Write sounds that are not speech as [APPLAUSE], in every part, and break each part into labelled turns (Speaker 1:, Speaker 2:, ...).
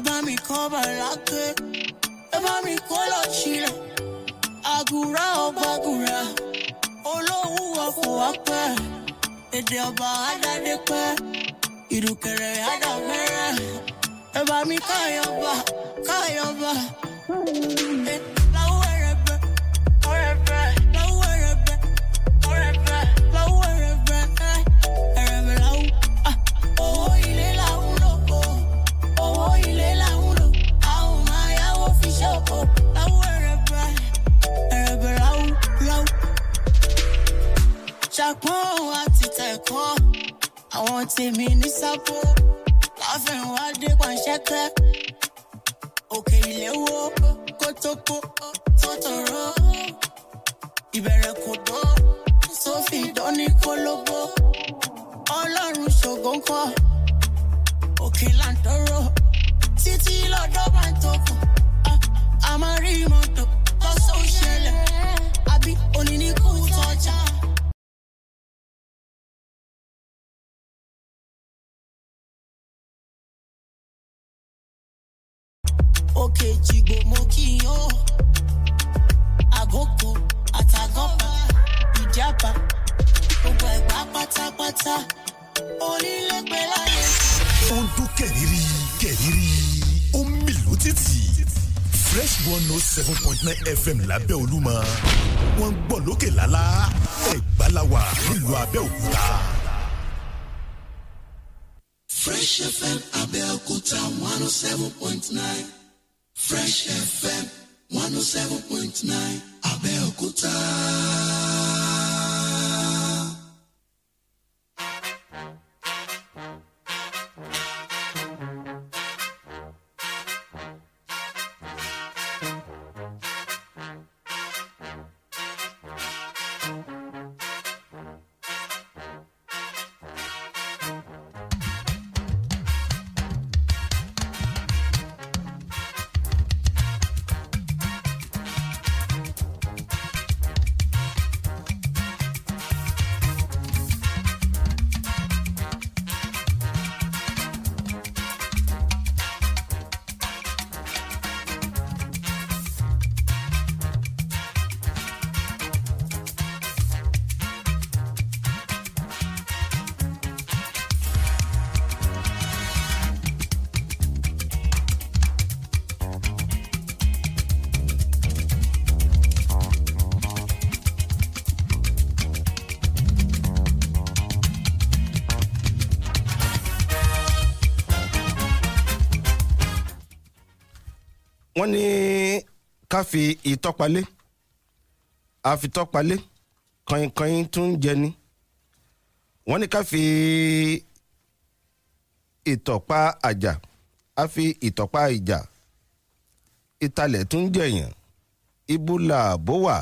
Speaker 1: Eba mi kọ́ bàlákè, eba mi kó lọ sílẹ̀. Àgùrá ọgbàgùrá, olówó ọkọ̀ wá pẹ́. Èdè ọba Adádé pẹ́, ìdùkẹ̀rẹ̀ Ádámẹ́rẹ́. Ẹ bá mi káyọ̀ bá, káyọ̀ bá. àwọn tèmi ní sápò láfẹ̀wádé pàṣẹkẹ́ òkè ìléwó kótópó tọ́tọ̀rọ̀ ìbẹ̀rẹ̀ kò dán sófin dání kólóbó ọlọ́run ṣògo ńkọ́ òkè làǹdọ́rọ̀ títí lọ́dọ́ máa ń tọkùn àmọ́ rí mọ́tò lọ́sọ̀ọ́ ṣẹlẹ̀ àbí òní ní kú tọ́jà. kejì gbòmó kíyàn ó àgókò àtàgọ́bà ìjábà gbogbo ẹ̀gbá pátápátá onílẹ̀pẹ̀ láyé. ó ń dún
Speaker 2: kẹ̀rìírí kẹ̀rìírí ó ń mìlú títì fresh one note oh seven point nine fm lábẹ́ olúmọ wọ́n ń gbọ́ lókè lálá ẹ̀gbá la wà nílùú abẹ́òkúta. Fresh FM Abeokuta 107.9 Fresh FM 107.9
Speaker 1: oh seven
Speaker 3: wọ́n ní ká fi ìtọ́palé àfitọ́palé kànkàn tún ń jẹni wọ́n ní ká fi ìtọ̀pá àjà á fi ìtọ̀pá ìjà ìtalẹ̀ tún jẹ̀yàn ibo làbó wà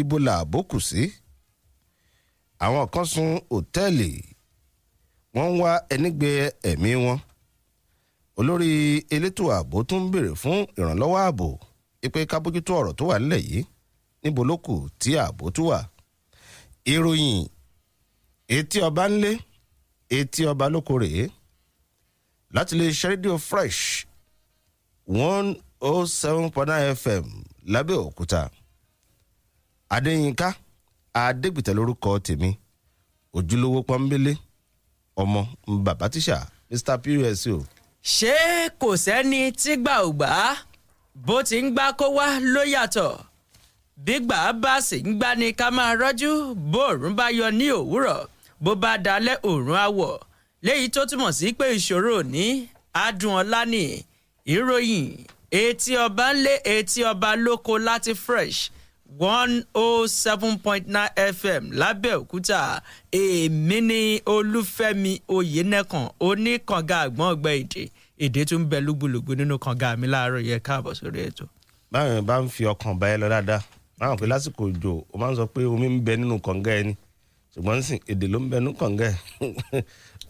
Speaker 3: ibo làbó kù sí àwọn kan sun òtẹ́ẹ̀lì wọ́n ń wá ẹni ẹ̀mí wọn. E olórí elétò ààbò tún ń béèrè fún ìrànlọ́wọ́ ààbò pé ká bójútó ọ̀rọ̀ tó wà nílẹ̀ yìí níbo ló kù tí ààbò tó wà. ìròyìn etí ọba ńlé etí ọba lóko rèé láti lè ṣe rédíò fresh one oh seven point nine fm lábẹ́òkúta adéyínká adégbìtẹ́ lórúkọ tèmi ojúlówó pọ́nbélé ọmọ bàbá tíṣà mr pus o ṣé kò
Speaker 4: sẹ́ni tí gbà ò gbà á bó ti ń gbá kó wá ló yàtọ̀ bí gbà á bá sì ń gbá ni ká máa rọ́jú bó òòrùn bá yọ ní òwúrọ̀ bó bá dalẹ̀ òòrùn á wọ̀ léyìí tó túmọ̀ sí pé ìṣòro òní adùn ọ̀la ni ìròyìn etí ọba ń lé etí ọba lóko láti fresh one oh seven point nine fm lábẹ́òkúta èmi ní olúfẹ́mi oyènẹ́kan oníkànga àgbọ̀n ọgbẹ́ èdè èdè tún bẹ lúgbúlùgbú nínú kànga mi láàárọ̀ yẹ káàbọ̀ sórí ètò.
Speaker 3: báyọ̀ bá ń fi ọkàn bá ẹ lọ dáadáa báwọn pé lásìkò òjò o máa ń sọ pé omi ń bẹ nínú kànga ẹni ṣùgbọ́n nísìn èdè ló ń bẹ nínú kànga ẹ.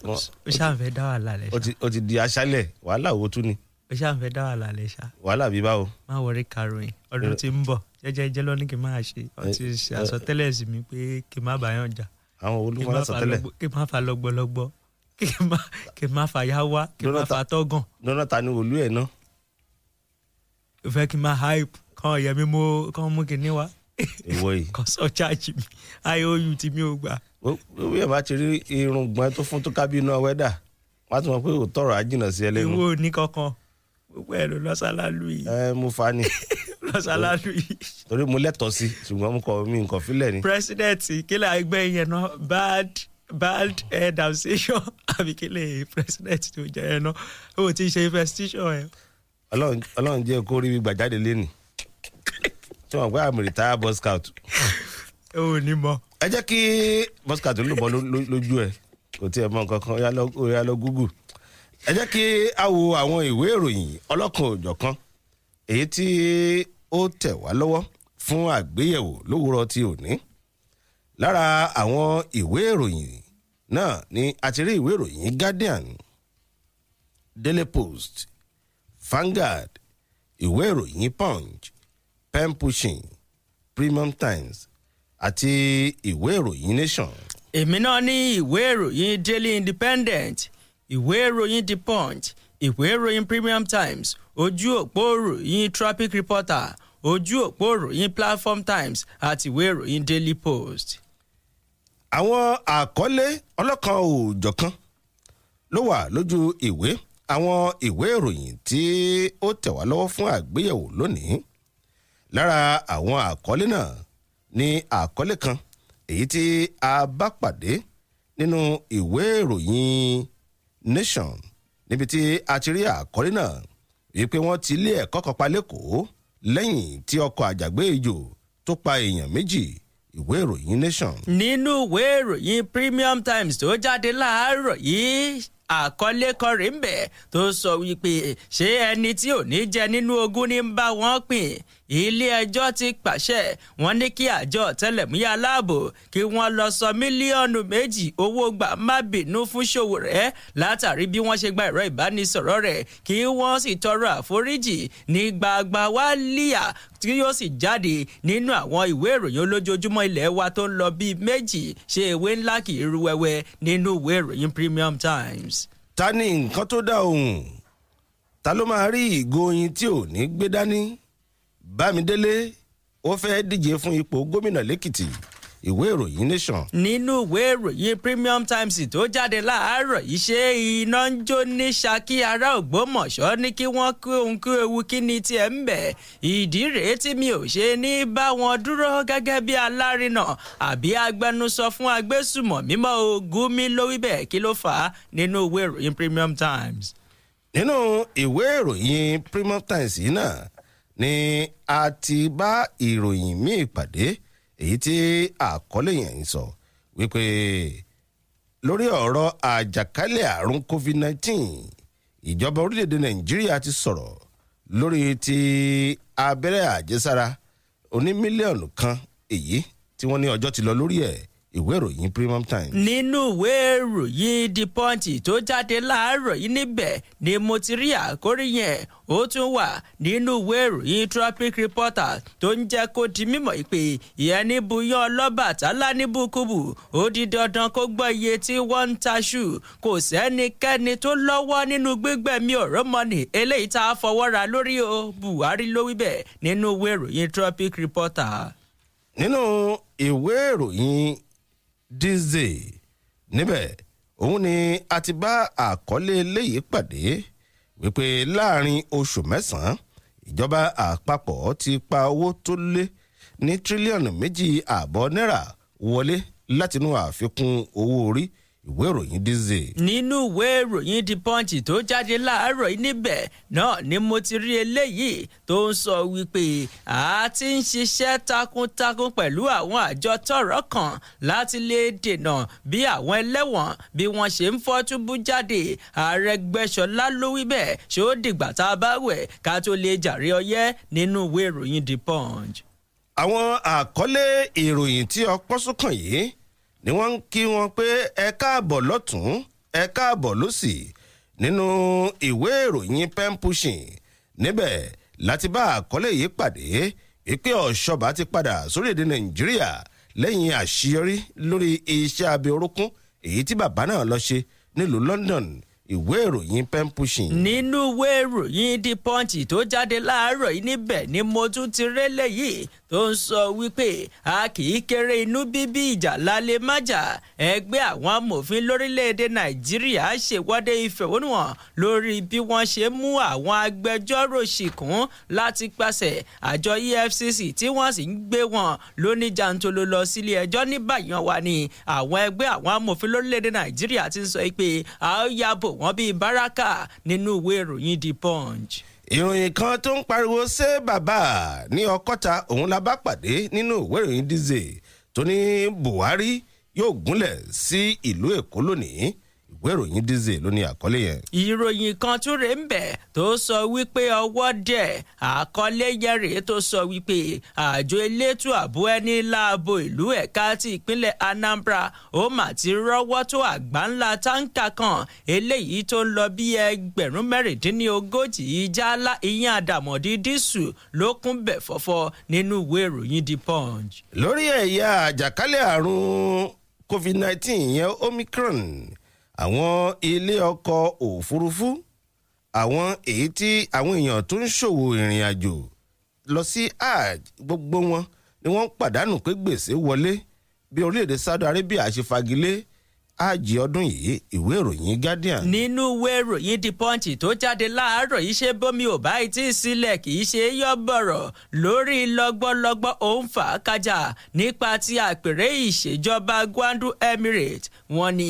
Speaker 3: ó [LAUGHS]
Speaker 4: ṣàǹfẹ́ dá wàhálà lẹ
Speaker 3: ṣá. ti di aṣálẹ̀ wàhálà owó tún ni.
Speaker 4: ó ṣàǹfẹ́ dá wàhálà lẹ ṣá.
Speaker 3: wàhálà bíi báwo.
Speaker 4: má wọrí karòyìn ọdún tí ń bọ̀ jẹ́jẹ́jẹ́ lọ ní kí n máa ṣe ọtí eh, àsọtẹ́lẹ̀ sí mi pé kí n má bàyàn jà. àwọn olúmọ àsọtẹ́lẹ̀. kí n má fa lọ́gbọ́lọ́gbọ́ kí n má kí n má fàyà wá kí n má fà tọ́gàn.
Speaker 3: lọ́nà ta ni olú ẹ̀
Speaker 4: náà. o fẹ́ kí n má hype kàn yẹ mi mú kàn mú kinní wá.
Speaker 3: ìwọ yìí. kò sọ
Speaker 4: chaajì mi iou tí mi ò
Speaker 3: gbà. ó yẹ bá ti rí irun gbọ́n tó fún tó kábínú wẹ́dà wọ́n á ti mọ̀ pé òótọ́ rà á jìnnà sí ẹlẹ́nu. ìwọ ní kankan gbogbo ẹ ló lọ́sàlálù yìí. ẹ mo fa ni. lọ́sàlálù [LAUGHS] yìí. torí mo lẹ́tọ̀ọ́ sí ṣùgbọ́n mo kọ̀ mi nǹkan fílẹ̀ ni.
Speaker 4: pírẹsidẹ̀ntì
Speaker 3: kílẹ̀ ẹgbẹ́ yẹn náà bad bad
Speaker 4: air eh, damsation [LAUGHS] àbíkílẹ̀ president tó jẹ́ ẹ náà ó ti ṣe investigation ẹ.
Speaker 3: ọlọ́run jẹ́ kó rí gbà jáde lẹ́nu tí wọ́n gbé àmì rìtáyà boy scout. ẹ ò ní mọ. ẹ jẹ́ kí boy scout ló bọ́ lójú ẹ̀ kò tiẹ̀ mọ nǹkan kan ó yá lọ Google. ẹ jẹ́ kí a wo àwọn ìwé ìròyìn ọlọ́kan òjọ̀kan èyí tí ó tẹ̀ wá lọ́wọ́ fún àgbéyẹ̀wò lówùúrọ̀ ti òní lára àwọn ìwé ìròyìn náà ni a ti rí ìwé ìròyìn Guardian Daily Post Vanguard ìwé ìròyìn Punch pen pushing Premium Times àti ìwé ìròyìn Nation. èmi náà ní ìwé
Speaker 4: ìròyìn Daily Independent ìwé ìròyìn The Punch ìwé ìròyìn Premium Times ojú òpó ìròyìn Traffic Reporter ojú òpó ìròyìn Platform Times àti ìwé ìròyìn Daily Post
Speaker 3: àwọn àkọlé ọlọ́kan òòjọ̀kan ló wà lójú ìwé àwọn ìwé ìròyìn tí ó tẹ̀ wá lọ́wọ́ fún àgbéyẹ̀wò lónìí lára àwọn àkọlé náà ni àkọlé kan èyí tí a bá pàdé nínú ìwé ìròyìn Nation níbi tí a ti rí àkọlé náà wípé wọ́n ti lé ẹ̀kọ́ kan pa lẹ́kọ̀ọ́ lẹ́yìn tí ọkọ̀ àjàgbé ejò tó pa èèyàn méjì ìwé ìròyìn nation.
Speaker 4: nínú ìwé ìròyìn premium times tó jáde láàárọ̀ yìí àkọlé kan rèé ń bẹ̀ tó sọ wípé ṣé ẹni tí ò ní jẹ nínú ogún ní bá wọn pín ilé-ẹjọ́ ti pàṣẹ wọ́n ní kí àjọ ọ̀tẹlẹ̀múyà aláàbò kí wọ́n lọ sọ mílíọ̀nù méjì owó gbà má bínú fún Ṣòwòrẹ́ látàrí bí wọ́n ṣe gba ẹ̀rọ ìbánisọ̀rọ̀ rẹ̀ kí wọ́n sì tọrọ àforíjì ní gbagba wálíà tí yóò sì jáde nínú àwọn ìwé ìròyìn olójoojúmọ́ ilẹ̀ wa tó ń lọ bíi méjì ṣe ìwé ńlá kì í ru wẹ́wẹ́ nínú ìwé ìròyìn Premium Times.
Speaker 3: ta ni nǹkan tó dá ohùn ta ló máa rí ìgò oyin tí ò ní gbé dání bámidélé ó fẹ́ díje fún ipò gómìnà lẹ́kìtì ìwé ìròyìn nation. nínú ìwé
Speaker 4: ìròyìn premium times tó jáde láàárọ̀ yìí ṣé iná ń jó ní ṣákí ará ògbómọ̀ṣọ́ ní kí wọ́n kí ohun kí ewu kí ni tiẹ̀ ń bẹ̀ ìdí rèé tí mi ò ṣe ní bá wọn dúró gẹ́gẹ́ bí alárinà àbí agbẹnusọ fún agbésùmọ̀ mímọ́ ogun mi ló wí bẹ́ẹ̀ kí ló fà á nínú ìwé ìròyìn premium times.
Speaker 3: nínú ìwé ìròyìn premium times yìí náà ni a ti bá ìròyìn míì pàdé èyí tí àkọlé yẹn ń sọ wípé lórí ọ̀rọ̀ àjàkálẹ̀ àrùn covid-19 ìjọba orílẹ̀-èdè nàìjíríà ti sọ̀rọ̀ lórí ti abẹ́rẹ́ àjẹsára oní mílíọ̀nù kan èyí tí wọ́n ní ọjọ́ ti lọ lórí ẹ̀ ìwé ìròyìn Premium Times. nínú ìwé
Speaker 4: ìròyìn The Punch tó jáde láàárọ̀ yìí níbẹ̀ ni mo ti rí àkórí yẹn ó tún wà nínú ìwé ìròyìn traffic reporter tó ń jẹ́ kó di mímọ̀ pé ìyẹn ní buyọ́ ọlọ́bàtálá ní bukubu ó di dandan kó gbọ́ iye tí wọ́n ń taṣù kò sẹ́nikẹ́ni tó lọ́wọ́ nínú gbígbẹ̀mí ọ̀rọ̀mọ́nì eléyìí tá a fọwọ́ra lórí o Buhari ló wí bẹ́ẹ̀ nínú ìwé ìròyìn traffic reporter.
Speaker 3: nínú ìwé ìròyìn Dizzy níbẹ̀ òun ni a ti bá àkọlé eléyìí pàdé wípé láàrin oṣù mẹ́sàn-án ìjọba àpapọ̀ ti pa owó tó lé ní tírílíọ̀nù méjì ààbọ̀ náírà wọlé látinú àfikún owó orí ìwé ìròyìn dizzy.
Speaker 4: nínú ìwé ìròyìn the punch tó jáde láàárọ̀ níbẹ̀ náà ni mo ti rí eléyìí tó ń sọ wípé a ti ń ṣiṣẹ́ takuntakun pẹ̀lú àwọn àjọ tọ́rọ̀ kàn láti lè dènà bí àwọn ẹlẹ́wọ̀n bí wọ́n ṣe ń fọ́ túbú jáde àrẹgbẹ́sọlá ló wí bẹ́ẹ̀ ṣé ó dìgbà tá a bá wẹ̀ ká tó lè jàre ọyẹ́
Speaker 3: nínú ìwé ìròyìn the punch. àwọn àkọlé ìròyìn tí ọpọ́n sún kàn yìí ni wọ́n ń kí wọn pé ẹ káàbọ̀ lọ́tún ẹ káàbọ̀ lọ́sì nínú ìwé ìròyìn pen pushing níbẹ̀ láti bá àkọlé yìí pàdé wípé ọ̀ṣọ́ba ti padà sórílẹ̀-èdè nàìjíríà lẹ́yìn àṣeyọrí lórí iṣẹ́ abẹ orúnkún èyí tí bàbá náà lọ ṣe nílùú London ìwé ìròyìn pen pushing. nínú ìwé ìròyìn
Speaker 4: the punch tó jáde láàárọ̀ yìí níbẹ̀ ni mo tún ti rélé yìí tó ń sọ wípé a kì í kéré inú bíbí ìjà lálẹ́ májà ẹgbẹ́ àwọn amòfin lórílẹ̀‐èdè nàìjíríà ṣèwọ́de ìfẹ̀hónúhàn lórí bí wọ́n ṣe mú àwọn agbẹjọ́rò ṣìkún láti pàṣẹ àjọ efcc tí wọ́n sì ń gbé wọn lóní jantolo lọ sílé ẹjọ́ ní báyọ̀ wa ni àwọn ẹgbẹ́ àwọn amòfin lórílẹ̀‐èdè nàìjíríà ti ń sọ pé a ó yàbò wọ́n bíi báràkà nínú ìwé ìròyìn the punch
Speaker 3: ìròyìn kan tó ń pariwo ṣé bàbá ní ọkọ́ta òun la bá pàdé nínú ìwé ìròyìn díze tó ní Buhari yóò gúnlẹ̀ sí ìlú Èkó lónìí ìwé ìròyìn dizzy ló ní àkọlé yẹn.
Speaker 4: ìròyìn kan tún rèé ń bẹ̀ tó sọ wípé ọwọ́ dẹ̀ àkọlé yẹn rèé tó sọ wípé àjọ elétò ààbò ẹni láàbò ìlú ẹ̀ka ti ìpínlẹ̀ anambra ó mà ti rọ́wọ́ tó àgbá ńlá táǹkà kan eléyìí tó ń lọ bí ẹgbẹ̀rún mẹ́rìndínlógójì ìjálá ìyẹn àdàmọ̀dì dísù ló kún bẹ̀ fọ́fọ́ nínú ìwé ìròyìn the punch.
Speaker 3: lórí ẹ̀yà àjàkálẹ̀ àrùn covid-19 ìyẹn omicron àwọn ilé ọkọ̀ òfurufú àwọn èyí tí àwọn èèyàn tó ń ṣòwò ìrìn àjò lọ sí hajj gbogbo wọn ni wọ́n pàdánù pé gbèsè wọlé bí orílẹ̀-èdè Saudi Arabia ṣe fagilé àjì ọdún yìí ìwé ìròyìn Guardian.
Speaker 4: nínú ìwé ìròyìn The Punch tó jáde láàárọ̀ yìí ṣe bómi ò bá ìtì sílẹ̀ kì í ṣe yọ bọ̀rọ̀ lórí lọ́gbọ́lọ́gbọ́ òun fà á kájà nípa ti àpèrè ìṣèjọba Gwandu Emirate wọ́n ní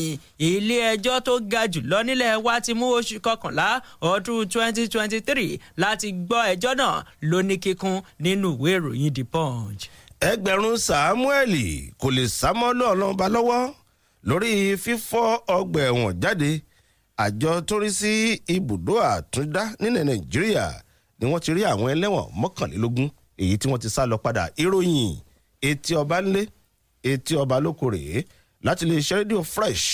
Speaker 4: ilé ẹjọ́ tó ga jùlọ nílẹ̀ wa ti mú oṣù kọkànlá ọdún 2023 láti gbọ́ ẹjọ́ náà lóníkíkún nínú ìwé ìròyìn The Punch. ẹgbẹ̀rún
Speaker 3: Samuel kò lè sá mọ́ lọ́ọ̀lọ́ba lórí fífọ́ ọgbà ẹ̀wọ̀n jáde àjọ tó rí sí ibùdó àtúndá nílẹ̀ nàìjíríà ni wọ́n ti rí àwọn ẹlẹ́wọ̀n mọ́kànlélógún èyí tí wọ́n ti sá lọ padà ìròyìn etí ọba ńlé etí ọba lóko rèé láti lè ṣe rédíò fresh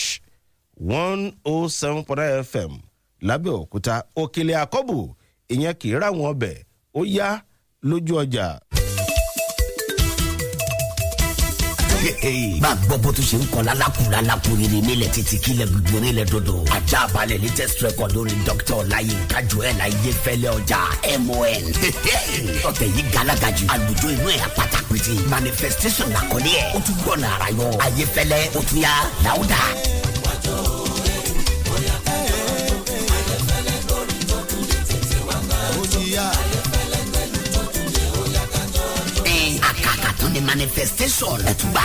Speaker 3: one oh seven point nine fm lábẹ́òkúta òkèlè àkọ́bù ìyẹn kì í ráwọn ọbẹ̀ ó yá lójú ọjà bá a gbọ́ bó tún ṣe ń kọ́ lálákùn lálákùn rere nílẹ̀ títí kílẹ̀
Speaker 5: gbígbéré lẹ̀ dodo ajá balẹ̀ latest record lórí dr ọláyínká joel ayéfẹ́lẹ́ ọjà mon ọ̀tẹ̀ yìí galaga jù àlùjọ inú ẹ̀ apáta pété manifestation làkọ́lé ẹ̀ ó tún gbọ́nà ara yọ ayéfẹ́lẹ́ ó tún yá láwùdà. Yeah. the manifestation ẹ̀túbà.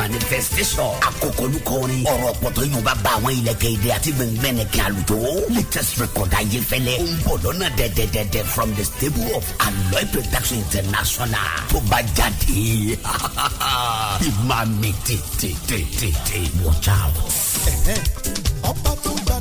Speaker 5: manifestation akokoluko orin ọ̀rọ̀ pọ̀tọ́ yóò bá ba àwọn ilẹ̀kẹ̀ èdè àti gbẹ̀ngbẹ̀nẹ̀kẹ̀ àlùjọ latest record ayéfẹ́lẹ́ ó ń bọ̀ lọ́nà dẹ̀dẹ̀dẹ̀dẹ̀ from the stable of Aloy production international tó bá jáde [LAUGHS] ìmọ̀ mi
Speaker 2: tètè tètè watch out. ọ̀pá tó ń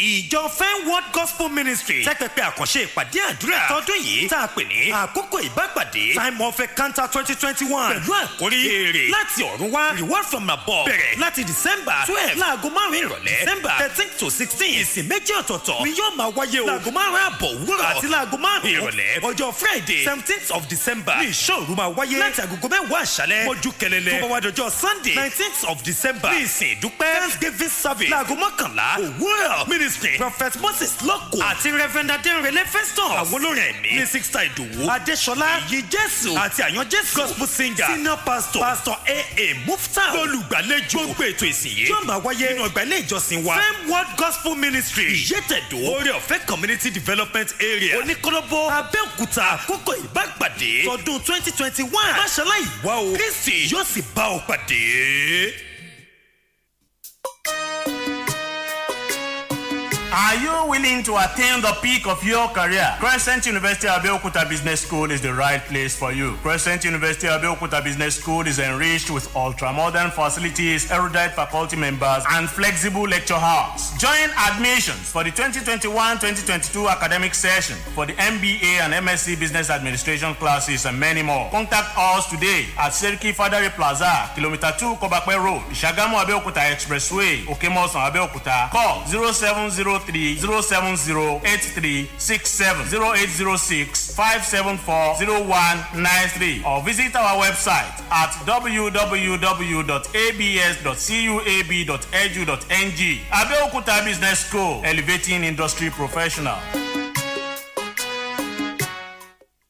Speaker 2: ìjọ fẹ́ẹ́ word gospel ministry sẹ́pẹ̀pẹ́ àkànṣe ìpàdé àdúrà tọdún yìí tá a pè ní àkókò ìbápàdé time of encounter twenty twenty one pẹ̀lú àkórí èrè láti ọ̀run wá reward from above bẹ̀rẹ̀ láti december twelve láago márùn-ún ìrọ̀lẹ́ december thirteen to sixteen ìsìn méjì ọ̀tọ̀ọ̀tọ̀ ni yóò máa wáyé o láago márùn-ún àbọ̀ òwúrọ̀ àti láago márùn-ún ìrọ̀lẹ́ ọjọ́ friday seventeenth of december ní ìṣòro máa wáyé láti agogo mẹ́wàá àṣálẹ́ mọ́jú kẹlẹ́lẹ́ tó sunday nineteenth of december ní ìsìn ìdúpẹ́ thanksgiving service láago mọ́kànlá òwúrọ̀ kristi prophet moses lọ́kọ̀ àti rẹ́fẹ̀ndà dẹ́rẹ́lẹ́ festus àwọn olórin ẹ̀mí ní sixta ìdòwò adéṣọlá ìyí jésù àti àyàn jésù gospel singer senior pastor pastor aa mufta olùgbàlejò gbogbo ètò ìsìn yìí yóò máa wáyé nínú ọgbà ilé ìjọsìn wa fame world gospel ministry ìyẹ́tẹ̀dó orí ọ̀fẹ́ community development area oníkọ́lọ́bọ̀ abẹ́òkúta àkókò ìbágbàdé tọdún twenty twenty one máṣáláì wá o kristi yóò sì bá
Speaker 6: ọ pàdé. Are you willing to attain the peak of your career? Crescent University Abeokuta Business School is the right place for you. Crescent University Abeokuta Business School is enriched with ultra-modern facilities, erudite faculty members, and flexible lecture halls. Join admissions for the 2021-2022 academic session for the MBA and MSc Business Administration classes and many more. Contact us today at Seriki Fadari Plaza, Kilometer 2, Kobakwe Road, Shagamu Abeokuta Expressway, Okemosan Abeokuta. Call 070 three zero seven zero eight three six seven zero eight zero six five seven four zero one nine three or visit our website at www.abs.cuab.edu.ng Abeokuta Business School Elevating Industry Professional.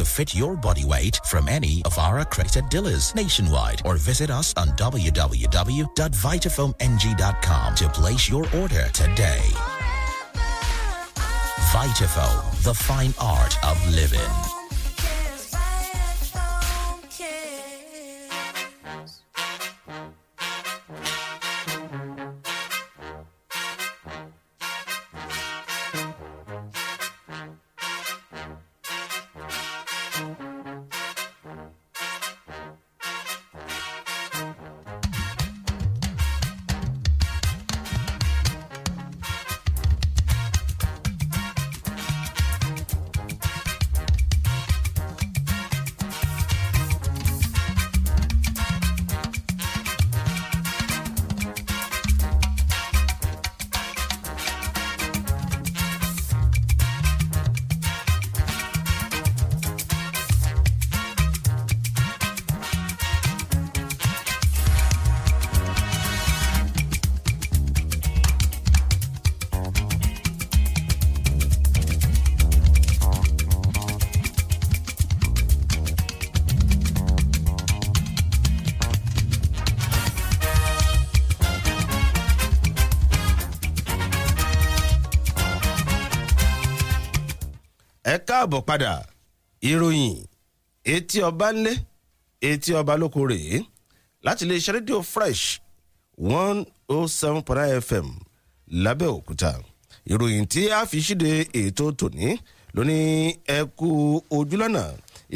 Speaker 7: to fit your body weight from any of our accredited dealers nationwide or visit us on www.vitafoamng.com to place your order today. Vitafoam, the fine art of living.
Speaker 3: káàbọ̀ padà ìròyìn etí ọba ńlẹ̀ etí ọba lóko rèé láti lè ṣe rédíò fresh one oh seven point nine fm lábẹ́òkúta ìròyìn tí a fi ṣíde ètò tòní ló ní ẹkú ojúlọ́nà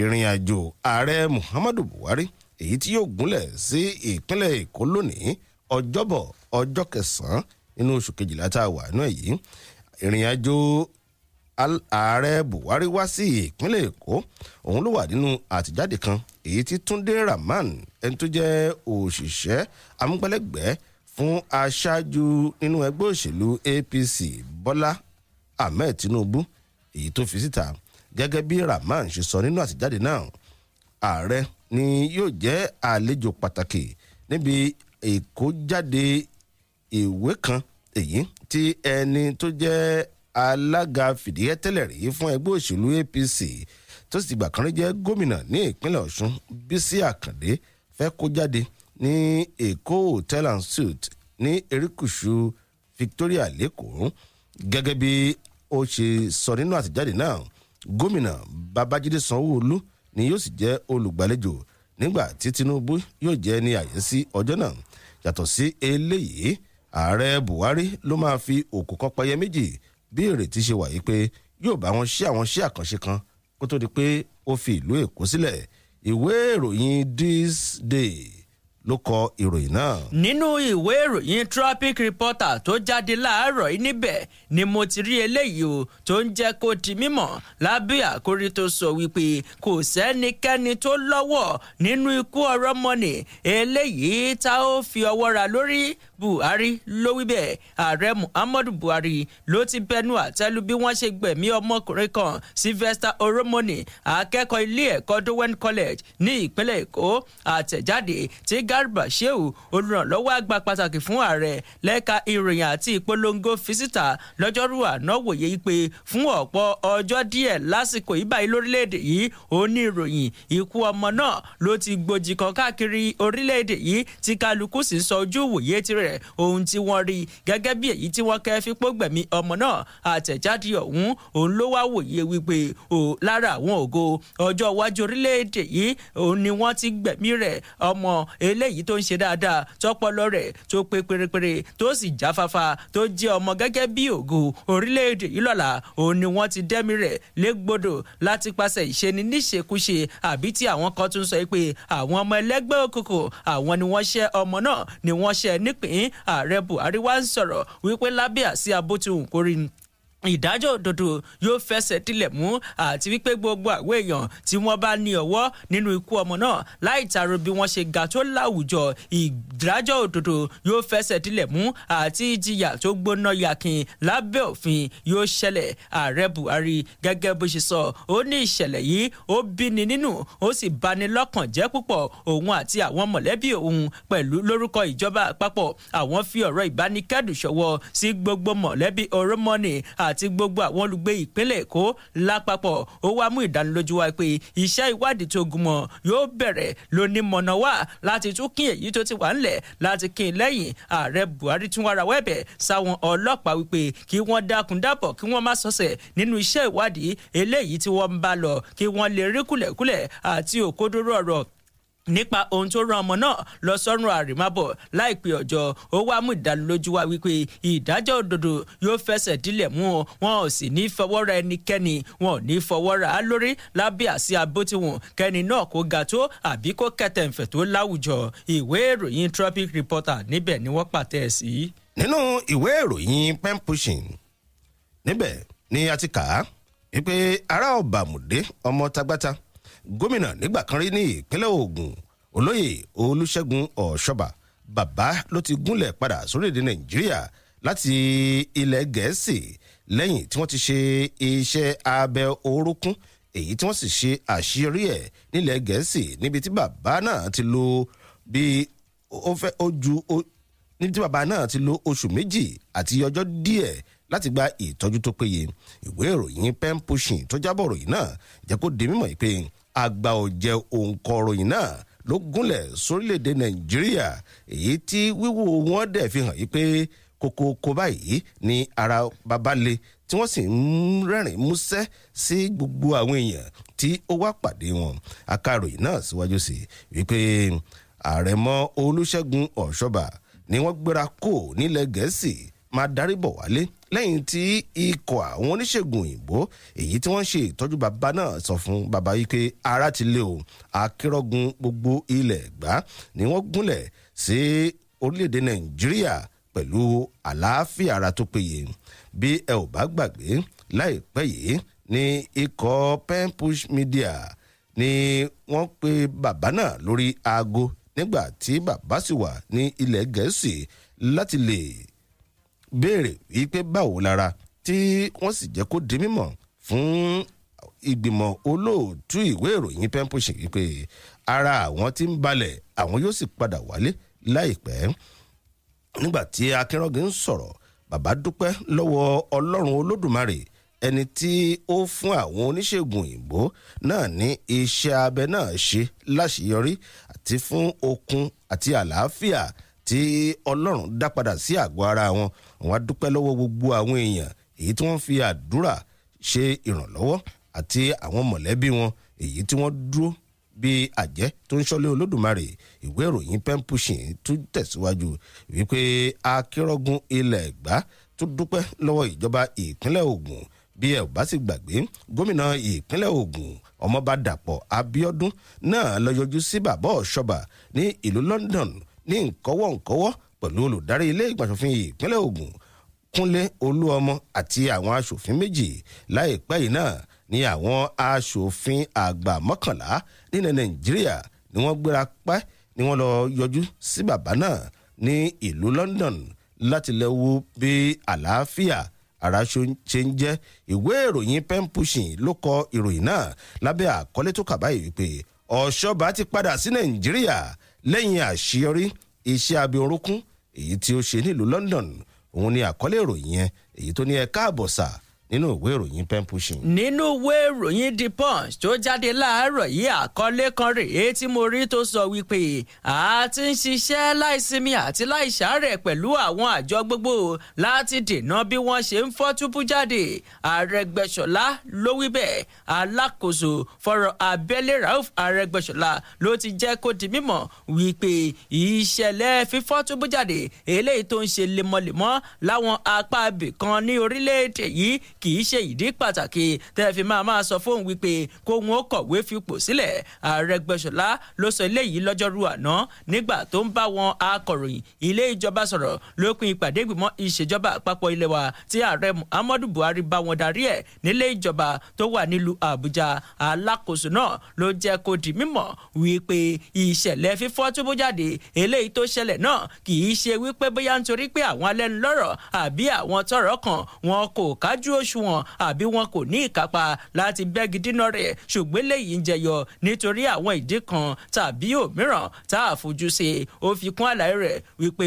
Speaker 3: ìrìn àjò ààrẹ muhammadu buhari èyí tí yóò gúnlẹ̀ sí ìpínlẹ̀ èkó lónìí ọjọ́bọ̀ ọjọ́ kẹsàn-án nínú oṣù kejìlá tá a wà náà yìí ìrìn ààrẹ buhari wá sí ìpínlẹ̀ èkó òun ló wà nínú àtijáde kan èyí tí túnde rahman ẹni tó jẹ́ òṣìṣẹ́ amúgbálẹ́gbẹ̀ẹ́ fún aṣáájú nínú ẹgbẹ́ òṣèlú apc bọ́lá ahmed tinubu èyí tó fi síta gẹ́gẹ́ bí rahman ṣe sọ nínú àtijáde náà ààrẹ ni yóò jẹ́ àlejò pàtàkì níbi ìkójáde ìwé kan èyí tí ẹni tó jẹ́ alága fìdíhẹ́ tẹ́lẹ̀ rí fún ẹgbẹ́ òṣèlú APC tó sì gbà kan rí jẹ́ gómìnà ní ìpínlẹ̀ Ọ̀ṣun Bísí Àkàndé fẹ́ kó jáde ní Èkó hotel and suite ní erékùṣù Victoria lẹ́kọ̀ọ́ gẹ́gẹ́ bí ó ṣe sọ nínú àtẹ̀jáde náà gómìnà Babájídé sanwó ni yóò sì jẹ́ olùgbàlejò nígbà tí Tinubu yóò jẹ́ ní àyè sí ọjọ́ náà yàtọ̀ sí eléyìí ààrẹ Buhari ló máa fi òkú kan pẹyẹ méjì bí ìrètí ṣe wà yìí pé yóò bá wọn ṣí àwọn ṣí àkànṣe kan kó tó di pé ó fi ìlú èkó sílẹ̀ ìwé ìròyìn this day ló kọ ìròyìn náà. nínú ìwé ìròyìn traffic reporter tó jáde láàárọ̀ yìí níbẹ̀
Speaker 4: ni mo ti rí eléyìí o tó ń jẹ́ kó di mímọ̀ lábẹ́ àkórí tó sọ wípé kò sẹ́nikẹ́ni tó lọ́wọ́ nínú ikú ọ̀rọ̀ mọ́nì eléyìí tá ó fi ọwọ́ ra lórí buhari ló wí bẹ́ẹ̀ ààrẹ muhammadu buhari ló ti bẹnu àtẹ́lù bí wọ́n ṣe gbẹ̀mí ọmọkùnrin kan sylvester oromoni akẹ́kọ̀ọ́ ilé ẹ̀kọ́ dowen college ní ìpínlẹ̀ èkó àtẹ̀jáde tí garba shehu olùrànlọ́wọ́ àgbà pàtàkì fún ààrẹ lẹ́ka ìròyìn àti ìpolongo fisita lọ́jọ́rú àná wòye pé fún ọ̀pọ̀ ọjọ́ díẹ̀ lásìkò ìbáyìí lórílẹ̀‐èdè yìí ó ní ìròyìn ikú ọmọ náà ló ti gbòjì kan káàkiri orílẹ̀‐èdè yìí tí kálukú sì sọ ojú wòye tirẹ̀ rẹ̀ ohun tí wọ́n rí gẹ́gẹ́ bí èyí tí wọ́n kẹ́ fipó gbẹ̀mí ọmọ náà àtẹ̀jáde ọ̀hún òun ló wá wòye wípé o lára àwọn ògo ọjọ́ iwájú orílẹ̀-èdè yìí òun ni wọ́n ti gbẹ̀mí rẹ̀ ọmọ eléyìí tó ń ṣe dáadáa tọpọlọ rẹ̀ tó pé pérépéré tó sì jáfáfá tó jẹ́ ọmọ gẹ́gẹ́ bí ògo orílẹ̀ yìí lọ́la òun ni wọ́n ti dẹ́mi rẹ̀ légbodò láti pàṣẹ ìṣeni níṣekúṣe àbí tí àwọn kan tún sọ pé àwọn ọmọ ẹlẹ́gbẹ́ òkùnkùn àwọn ni wọ́n ṣẹ́ ọmọ náà ni wọ́n ṣẹ́ nípìn ààrẹ buhari wá sọ̀rọ̀ wípé lábẹ́ àsíá bó ti hùn kórìí ìdájọ́ òdodo yóò fẹsẹ̀ tilẹ̀ mú àti wípé gbogbo àwọn èèyàn tí wọ́n bá ní ọwọ́ nínú ikú ọmọ náà láì taro bí wọ́n ṣe ga tó láwùjọ ìdájọ́ òdodo yóò fẹsẹ̀ tilẹ̀ mú àti ìjìyà tó gbóná yakin lábẹ́ òfin yóò ṣẹlẹ̀ ààrẹ buhari gẹ́gẹ́ bó ṣe sọ ó ní ìṣẹ̀lẹ̀ yìí ó bíni nínú ó sì bani lọ́kàn jẹ́ púpọ̀ òun àti àwọn mọ̀lẹ́bí òun pẹ̀lú lórúkọ ìjọba àpapọ̀ àti gbogbo àwọn olùgbé ìpínlẹ̀ èkó lápapọ̀ ó wá mú ìdánilójú wa pé iṣẹ́ ìwádìí tó gúnmọ́ yóò bẹ̀rẹ̀ lónímọ̀nà wà láti tún kín èyí tó ti wà ńlẹ̀ láti kín lẹ́yìn ààrẹ buhari tún wára wẹ́bẹ̀ sáwọn ọlọ́pàá wípé kí wọ́n dákun dábọ̀ kí wọ́n má sọsẹ̀ nínú iṣẹ́ ìwádìí eléyìí tí wọ́n ń bá lọ kí wọ́n lè rí kúlẹ̀kúlẹ̀ àti òkodoro ọ̀rọ̀ nípa ohun tó rán ọmọ náà lọ sọ́run àrèmábọ̀ láìpẹ́ ọjọ́ ó wá mú ìdánilójú wá wípé ìdájọ́ òdodo yóò fẹsẹ̀ dílẹ̀ mú ọ wọn ò sì ní fọwọ́ ra ẹnikẹ́ni wọn ò ní fọwọ́ ra á lórí lábẹ́ àsí abótiwọn kẹ́ni náà kó ga tó àbí kó kẹtẹ̀ǹfẹ̀ tó láwùjọ ìwé ìròyìn
Speaker 3: tropic reporter níbẹ̀ ni wọ́n pàtẹ́ ẹ̀ sí. nínú ìwé ìròyìn pen pushing níbẹ̀ ni a ti kà á wípé ará ọ̀bàmùdé gómìnà nígbà kan rí ní ìpínlẹ̀ Ògùn olóyè Olúṣẹ́gun Ọ̀ṣọ́bà bàbá ló ti gúnlẹ̀ padà sórílẹ̀-èdè Nàìjíríà láti ilẹ̀ Gẹ̀ẹ́sì lẹ́yìn tí wọ́n ti ṣe iṣẹ́ abẹ orúnkún èyí tí wọ́n sì ṣe àṣeyọrí ẹ̀ nílẹ̀ Gẹ̀ẹ́sì níbi tí bàbá náà ti lò bíi ó fẹ́ ojú níbi tí bàbá náà ti lò oṣù méjì àti ọjọ́ díẹ̀ láti gba ìtọ́jú tó péye ìwé ìròyìn pen pushing tó jábọ̀ ròyìn náà jẹ́ kó di mímọ̀ pé àgbà ọ̀jẹ̀ òǹkọ̀ròyìn náà ló gúnlẹ̀ sórílẹ̀‐èdè nàìjíríà èyí tí wíwò wọn dẹ̀ fi hàn yí pé kókókó báyìí ni ara bàbá le tí wọ́n sì ń rẹ́rìn músẹ́ sí gbogbo àwọn èèyàn tí ó wá pàdé wọn akáròyìn náà síwájú sí wípé àrẹ̀mọ olúṣẹ́gun ọ̀ṣọ́bà ni wọ́n gbéra kó nílẹ̀ gẹ̀ẹ́sì máa darí bọ̀ wálé lẹ́yìn tí ikọ̀ àwọn oníṣègùn òyìnbó èyí tí wọ́n ń ṣe ìtọ́jú bàbá náà sọ fún bàbá yìí pé ara ti lé o akérògùn gbogbo ilẹ̀ Ẹ̀gbá ni wọ́n gúnlẹ̀ sí orílẹ̀-èdè Nàìjíríà pẹ̀lú àlàáfíà ara tó péye bí ẹ ò bá gbàgbé láìpẹ́ yìí ní ikọ̀ pen push media ni wọ́n pe bàbá náà lórí aago nígbà tí bàbá sì wà ní ilẹ̀ Gẹ̀ẹ́sì láti lè béèrè wípé báwo lára tí wọ́n sì jẹ́ kó di mímọ̀ fún ìgbìmọ̀ olóòtú ìwé ìròyìn pen wípé ara àwọn tí ń balẹ̀ àwọn yóò sì padà wálé láìpẹ́ nígbà tí akínrọ́gì ń sọ̀rọ̀ bàbá dúpẹ́ lọ́wọ́ ọlọ́run olódùmarè ẹni tí ó fún àwọn oníṣègùn òyìnbó náà ní iṣẹ́ abẹ náà ṣe láṣeyọrí àti fún okun àti àlàáfíà tí ọlọ́run dá padà sí àgọ́ ara wọn àwọn adúpẹ́ lọ́wọ́ gbogbo àwọn èèyàn èyí tí wọ́n fi àdúrà ṣe ìrànlọ́wọ́ àti àwọn mọ̀lẹ́bí wọn èyí tí wọ́n dúró bíi àjẹ́ tó ń ṣọ́lé olódùmarè ìwé ìròyìn pen pushing tún tẹ̀síwájú wípé akérọ́gùn ilẹ̀ ẹ̀gbá tó dúpẹ́ lọ́wọ́ ìjọba ìpínlẹ̀ Ògùn bí ẹ ò bá sì gbàgbé gómìnà ìpínlẹ̀ Ògùn ọmọọba Dàpọ̀ Abíọ́dún náà lọ yọjú sí bàbá Ọ̀ṣọ́bà ní ìlú London ní nkọ́wọ́nkọ́wọ́ pẹ̀lú olùdarí ilé ìgbàsòfin ìpínlẹ̀ Ògùn Kúnlé Olúọmọ àti àwọn aṣòfin méjì láìpẹ́ yìí náà ni àwọn aṣòfin àgbà mọ́kànlá nílẹ̀ Nàìjíríà ni wọ́n gbéra pẹ́ ni wọ́n lọ yọjú sí bàbá náà ní ìlú London láti lè wo bí àlàáfíà ara ṣe ń jẹ́ ìwé ìròyìn pen pushing ló kọ ìròyìn náà lábẹ́ àkọlé tó kà báyìí wípé Ọ̀ṣọ́ba ti padà sí Nàìjíríà lẹ́yìn àṣeyọrí iṣẹ́ abẹ orúnkún èyí tí ó ṣe nílùú London òun ni àkọlé ìròyìn yẹn èyí tó ní ẹ káàbọ̀ sáà nínú ìwé ìròyìn pen pushing.
Speaker 4: nínú ìwé ìròyìn the punch tó jáde láàárọ̀ yìí àkọlé kan rèé tí mo rí tó sọ wípé a ti ń ṣiṣẹ́ láìsinmi àti láìsàárẹ̀ pẹ̀lú àwọn àjọ gbogbo láti dènà bí wọ́n ṣe ń fọ́ túbú jáde àrẹgbẹ̀ṣọlá ló wí bẹ́ẹ̀ alákòóso fọ̀rọ̀ abẹ́lé rauf àrẹgbẹ̀ṣọlá ló ti jẹ́ kó di mímọ̀ wípé ìṣẹ̀lẹ̀ fífọ́ túbú jáde eléyìí tó ń ṣe lemọ́lemọ́ láwọn apá ibì kan ní orílẹ̀ kì í ṣe ìdí pàtàkì tẹ́ fi máa máa sọ fóun wípé kóun ó kọ̀wé fipò sílẹ̀ àrẹgbẹsọlá ló sọ eléyìí lọ́jọ́rú àná nígbà tó ń bá wọn akọ̀ròyìn ilé ìjọba sọ̀rọ̀ lópin ìpàdé ìgbìmọ̀ ìṣèjọba àpapọ̀ ilé wa tí ààrẹ muhammadu buhari bá wọn darí ẹ̀ nílé ìjọba tó wà nílùú àbújá alákòóso náà ló jẹ́ kó di mímọ̀ wípé ìṣẹ̀lẹ̀ fífọ́ túbú jáde eléyìí tó ṣẹlẹ̀ náà kì í ṣe wípé bóyá nítorí pé àwọn alẹ́nulọ́rọ̀ àbí àwọn tọ́rọ̀ kàn wọn kò kájú òṣ òṣùwọ̀n àbí wọn kò ní ìkápá láti bẹ́gi dínà rẹ̀ ṣùgbọ́n eléyìí ń jẹyọ nítorí àwọn ìdí kan tàbí òmíràn tá a fojú sí ó fi kún àlàyé rẹ̀ wípé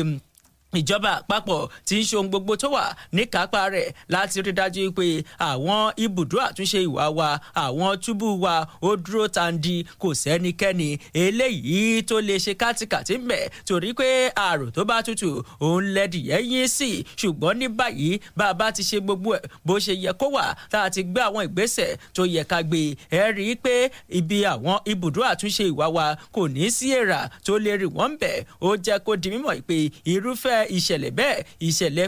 Speaker 4: ìjọba àpapọ̀ tí ń ṣe ohun gbogbo tó wà níkápá rẹ̀ láti rí dájú pé àwọn ibùdó àtúnṣe ìwà wa àwọn túbú wa ó dúró tandi kò sẹ́nikẹ́ni eléyìí tó lè ṣe kátikàtì mbẹ̀ torí pé àrùn tó bá tutù òun lẹ́dìyẹ yín sí ṣùgbọ́n ní báyìí bá a bá ti ṣe gbogbo ẹ̀ bó ṣe yẹ kó wà tá a ti gbé àwọn ìgbésẹ̀ tó yẹ ká gbé ẹ rí i pé ibi àwọn ibùdó àtúnṣe ìwà wa kò ní sí èrà tó lè rí wọ́n bẹ̀ ìṣẹ̀lẹ̀ bẹ́ẹ̀ ìṣẹ̀lẹ̀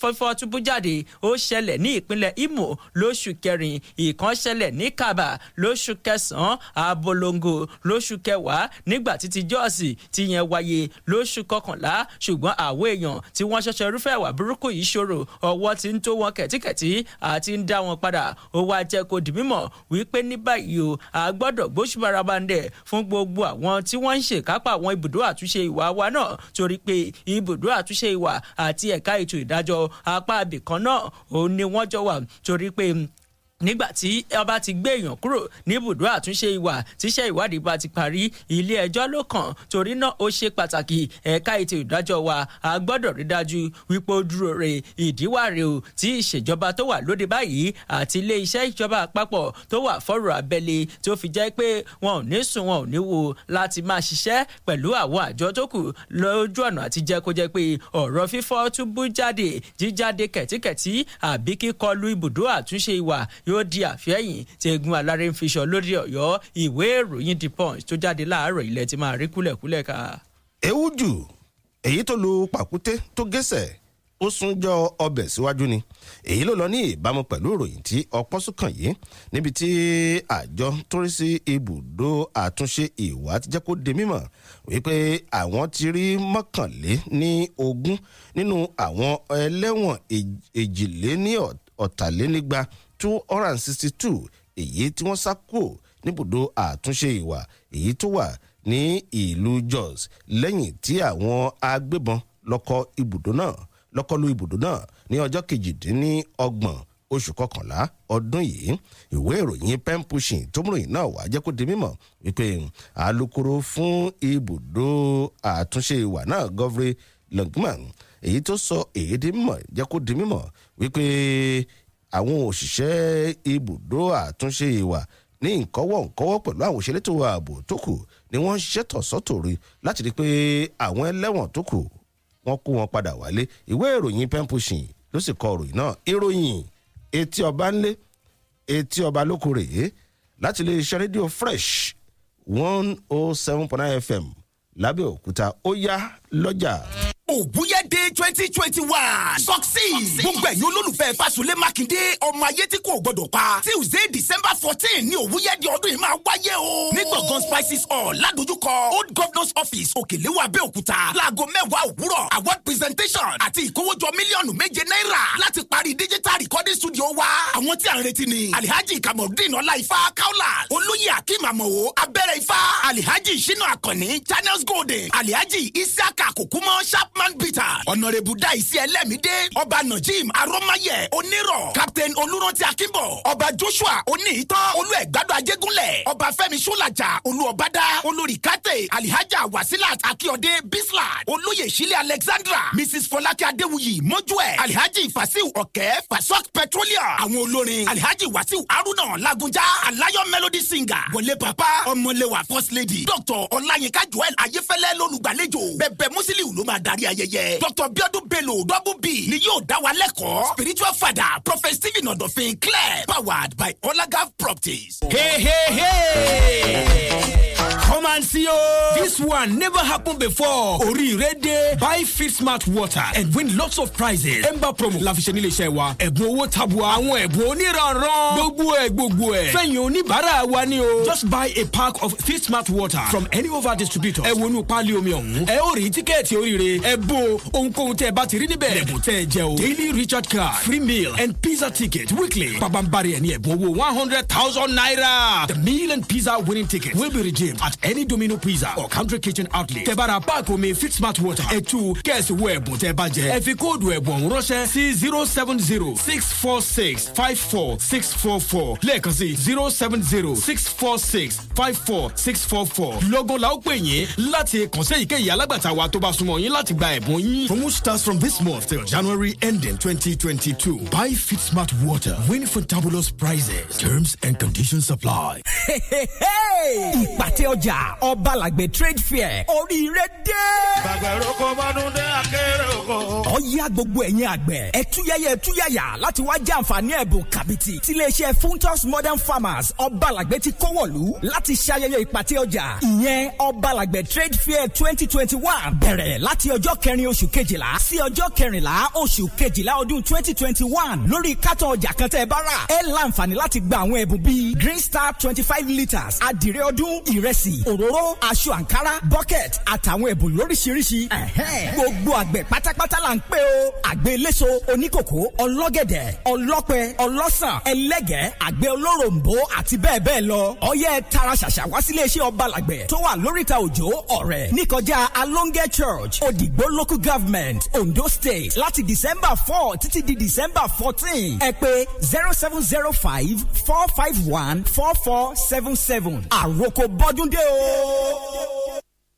Speaker 4: fífọ́ túbú jáde ó ṣẹlẹ̀ ní ìpínlẹ̀ Imo lóṣù kẹrin ìkan ṣẹlẹ̀ ní Kaba lóṣù kẹsàn-án Abolongo lóṣù kẹwàá nígbà títí jọ́ọ̀sì ti yẹn wáyé lóṣù kọkànlá ṣùgbọ́n àwọn èèyàn tí wọ́n ṣẹ̀ṣẹ̀ irúfẹ́ ìwà burúkú yìí ṣòro ọwọ́ ti ń tó wọn kẹ̀tíkẹ̀tí àti ń dá wọn padà ó wá jẹ́ kó di mímọ̀ wípé ní báyìí o a gbọ́dọ̀ gbóṣùbára bá ń dẹ̀ fún gbogbo àwọn tí wọ́n ń ṣèkápá àwọn ibùdó àtúnṣe ìwà wa náà torí pé ibùdó àtúnṣe àtúnṣe ìwà àti ẹ̀ka ètò ìdájọ́ apá abìkan náà òun ni wọ́n jọ wà torí pé nígbà tí ọba ti gbé èèyàn kúrò ní ibùdó àtúnṣe ìwà tíṣẹ́ ìwádìí bá ti parí ilé ẹjọ́ ló kàn torí náà ó ṣe pàtàkì ẹ̀ka ètò ìdájọ́ wa a gbọ́dọ̀ rí dájú wípé ó dúró re ìdíwà re o tí ìṣèjọba tó wà lóde báyìí àti ilé iṣẹ́ ìjọba àpapọ̀ tó wà fọ́rọ̀ abẹ́lé tí ó fi jẹ́ pé wọn ò ní sùn wọn ò ní wo láti máa ṣiṣẹ́ pẹ̀lú àwọn àjọ tó kù lójú ọ̀nà àti jẹ́ kó jẹ́ pé ọ̀rọ̀ fífọ́ túbú jáde jíjáde kẹ̀tíkẹ̀tí ló di àfẹ́yìn tí egun aláré ń fi sọ lórí ọ̀yọ́ ìwé ìròyìn the punch tó jáde láàárọ̀ ilẹ̀ ti máa rí kúlẹ̀kúlẹ̀
Speaker 3: ká. ewu jù èyí tó lu pàkúté tó gẹ́sẹ̀ ó súnjọ ọbẹ̀ síwájú ni èyí ló lọ ní ìbámu pẹ̀lú ìròyìn tí ọpọ́ sùkàn yìí níbi tí àjọ tó rí sí ibùdó àtúnṣe ìwà ti jẹ́ kó di mímọ̀ wípé àwọn ti rí mọ́kànlé ní ogún nínú àwọn ẹlẹ́wọ̀n èjìléní ọ̀tàlénígba two hundred and sixty two èyí tí wọ́n sá kúrò níbùdó àtúnṣe ìwà èyí tó wà ní ìlú Jos lẹ́yìn tí àwọn agbébọn lọ́kọ́ ibùdó náà lọ́kọ́lù ibùdó náà ní ọjọ́ kejìdínlọ́gbọ̀n oṣù kọkànlá ọdún yìí ìwé ìròyìn pen pushing tó múròyìn náà wá jẹ́ kó di mímọ̀ wípé alukoro fún ibùdó àtúnṣe ìwà náà Godfrey Longman èyí tó sọ èyí di mímọ̀ jẹ́ kó di mímọ̀ wípé àwọn òṣìṣẹ́ ibùdó àtúnṣe ìwà ní ìkọ́wọ́ǹkọ́wọ́ pẹ̀lú àwọn òṣèlétò ààbò tó kù ni wọ́n ń ṣiṣẹ́ tọ̀sọ́tòrí láti rí i pé àwọn ẹlẹ́wọ̀n tó kù wọ́n kó wọn padà wálé ìwé ìròyìn pen pushing ló sì kọ ìròyìn náà ìròyìn etí ọba ńlé etí ọba lóko rèé láti lè ṣe rédíò fresh one oh seven point nine fm lábẹ́òkúta ó yá lọ́jà ògúnyẹ́dẹ́ twenty twenty one succeed gbogbo ẹ̀yin olólùfẹ́ fásulẹ̀
Speaker 2: mákindé ọmọ ayé tí kò gbọdọ̀ pa tuesday december fourteen ní ògúnyẹ́dẹ́ ọdún yìí máa wáyé o ní gbọ̀ngàn spices hall ládojúkọ old governors office òkèléwà abẹ́òkúta láago mẹ́wàá òwúrọ̀ award presentation àti ìkówójọ mílíọ̀nù méje náírà láti parí digital recording studio wa àwọn tí a ń retí ni alihaji kamaldin ọláifá kaula olóyè akeem amọ̀wò abẹ́rẹ́ ifá alihaji shina akànnì channels golden alihaji isiaka kòkúmọ́ sharp Chapman Bitter Honourable Daisy Ẹlẹ́mídé Ọba Najim Aromaye Onírọ̀ Captain Olúrántí Akínbọ̀ Ọba Joshua Oníìtàn Olúẹ̀gbádùn Ajégúnlẹ̀ Ọba Fẹ́mi Ṣọ́làjà Olúọbádá Olórí Kate Alihaja Wasilat Akíọdé Bislat Olóyè Ṣílẹ̀ Alexandra Mrs Fọlákẹ́ Adéwuyì Mọ́júẹ̀ Alihaji Fasiu Ọ̀kẹ́ Fasok Petroleum Àwọn olórin Alihaji Wasiu Haruna Lagunja Alayo Melody Singer Wọlé Papa Ọmọlẹ́wà First Lady Dr Ọláyínká Joel Ayéfẹ́lẹ́ lólùgbàlejò Bẹ̀bẹ̀ Musiliu ló máa darí níbi ayẹyẹ. Dr. Biodun Bello double B ni yóò dá wa lẹ́kọ̀ọ́. Spiritual father Prophet Stephen Odofin Clear powered by Olagaf Properties. Hey, hey, hey performance o. This one never happened before. Ori dé buy fit smart water and win lots of prizes. Ember promo la fi ṣe nílé iṣẹ́ wa. Ẹ̀bùn owó tabua. ran ẹ̀bùn oníranran. Gbogbo ẹ̀ gbogbo ẹ̀. Fẹ̀yìn oníbàárà wa ni o. Just buy a pack of fit smart water from any of our distributors. Ẹ wo inú páálí omi ọ̀hún. Ẹ ó rí tíkẹ́ẹ̀tì oríire. Ẹ bó ohunkóhun tẹ́ ẹ bá ti rí níbẹ̀. o. Daily Richard card, free meal and pizza ticket weekly. Babambari ẹni ẹ̀bùn owó one hundred thousand naira. The meal and pizza winning ticket will be redeemed at any Any domino pizza or country kitchen outlet Tebara bá ra páàkì omi fix water A two guess where ẹ̀bùn tẹ́ bá jẹ ẹ fi kóòdù ẹ̀bùn ọ̀hún ránṣẹ́ sí zero seven zero six four six five four six four four lẹ́ẹ̀kan zero seven zero six four six five four six four four lọ́gán la ó pè yín láti kànṣẹ́ ìkéyìí alágbàtà wa tó bá súnmọ́ yín láti promo starts from this month till January ending 2022. Buy Fit Smart water, win fantabulous prizes. Terms and conditions apply. Hey hey Ìpàtẹ ọjà ọjà ọbalàgbé trade fair oríire dé. bàgbẹ̀rọ̀kọ bọ́dún dé akérè oko. ọ̀ya gbogbo ẹ̀yin àgbẹ̀ ẹ̀túyẹyẹ ẹ̀túyẹyà láti wá jẹ àǹfààní ẹ̀bùn kàbìtì tiléeṣẹ́ funtus modern farmers ọbalàgbé ti kọ́wọ̀lú láti ṣayẹyẹ ìpàtẹ ọjà ìyẹn ọbalàgbé trade fair twenty twenty one bẹ̀rẹ̀ láti ọjọ́ kẹrin oṣù kejìlá sí ọjọ́ kẹrìnlá oṣù kejìlá ọdún twenty twenty one lórí kátó ọjà kan tẹ́ green star twenty five litres àdìrẹ ọdún ìrẹsì òróró aṣọ àǹkárá bucket àtàwọn ẹ̀bùn lóríṣiríṣi. gbogbo àgbẹ̀ pátápátá là ń pè o àgbẹ̀ eléso oníkòkó ọlọ́gẹ̀dẹ̀ ọlọ́pẹ ọlọ́sàn ẹlẹ́gẹ̀ àgbẹ̀ olóròǹbó àti bẹ́ẹ̀ bẹ́ẹ̀ lọ. ọyẹ tara ṣàṣà wá sílé iṣẹ́ ọba làgbẹ̀ tó wà lóríta òjò ọ̀rẹ́ níkọjá alonge church òdìgbò local government ondo state láti december four títí di december fourteen ẹ pè zero seven zero five four five one four four seven seven àròkọ bọ́dúndé o.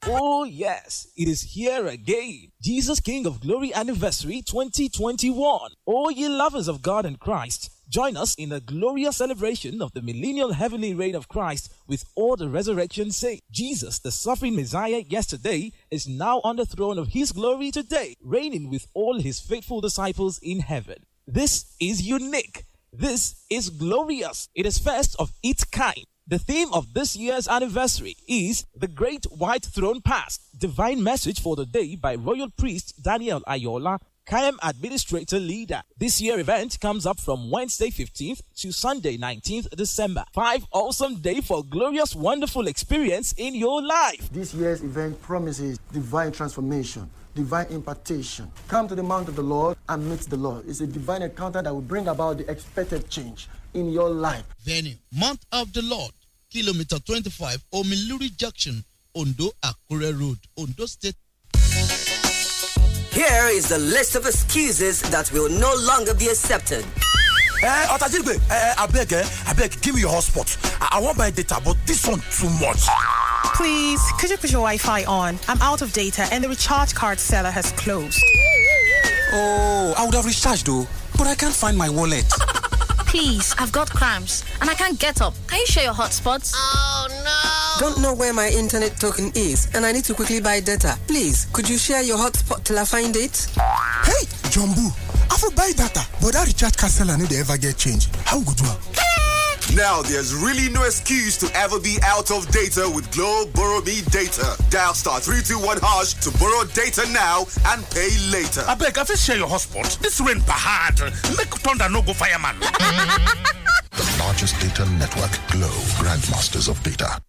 Speaker 2: Oh, yes, it is here again. Jesus King of Glory Anniversary 2021. All ye lovers of God and Christ, join us in a glorious celebration of the millennial heavenly reign of Christ with all the resurrection saints. Jesus, the suffering Messiah yesterday, is now on the throne of his glory today, reigning with all his faithful disciples in heaven. This is unique. This is glorious. It is first of its kind. The theme of this year's anniversary is The Great White Throne Pass Divine Message for the Day by Royal Priest Daniel Ayola, Kayam Administrator Leader. This year event comes up from Wednesday 15th to Sunday 19th December. Five awesome day for glorious, wonderful experience in your life. This year's event promises divine transformation divine impartation. Come to the mount of the Lord and meet the Lord. It's a divine encounter that will bring about the expected change in your life. Venue Month of the Lord, Kilometer 25, Omiluri Junction, Ondo Akure Road, Ondo State. Here is the list of excuses that will no longer be accepted. Eh, Otajigbe, eh, eh, abeg, eh, abeg, give me your hotspot. I, I want my data, but this one too much.
Speaker 5: Please, could you put your Wi-Fi on? I'm out of data and the recharge card seller
Speaker 6: has closed. Oh, I would have recharged though, but I can't find my wallet. [LAUGHS]
Speaker 1: Please, I've got cramps and I can't get up. Can you share your hotspots? Oh no! Don't know where my internet token is and I need to quickly buy data. Please, could you share your hotspot till I find it? Hey, Jumbo, I for buy data, but that recharge cancel and they
Speaker 6: ever get change. How good one?
Speaker 2: Now there's really no excuse to ever be out of data with Glow Borrow Me Data. Dial star 321 hash to borrow data now and pay later. I beg, I will share your hotspot. This rain bahad. Make thunder no go fireman.
Speaker 1: [LAUGHS] the
Speaker 7: largest data network, Glow, grandmasters of data.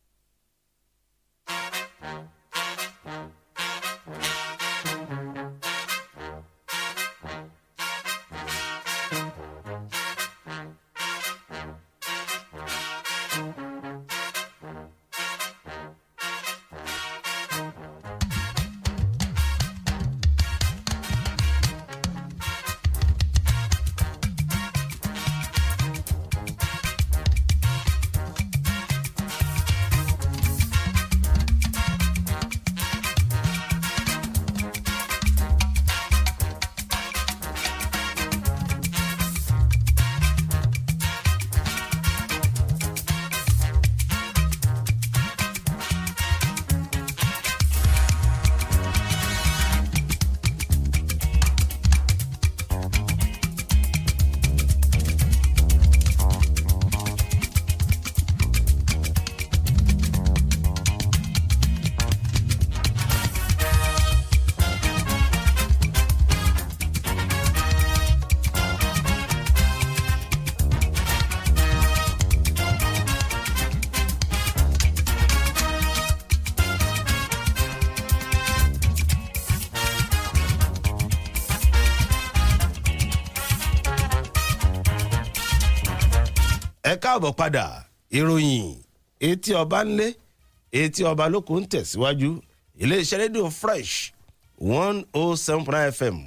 Speaker 3: káàbọ̀ padà ìròyìn etí ọba ńlé etí ọba lóko ń tẹ̀síwájú iléeṣẹ́ rédíò fresh one oh seven point nine fm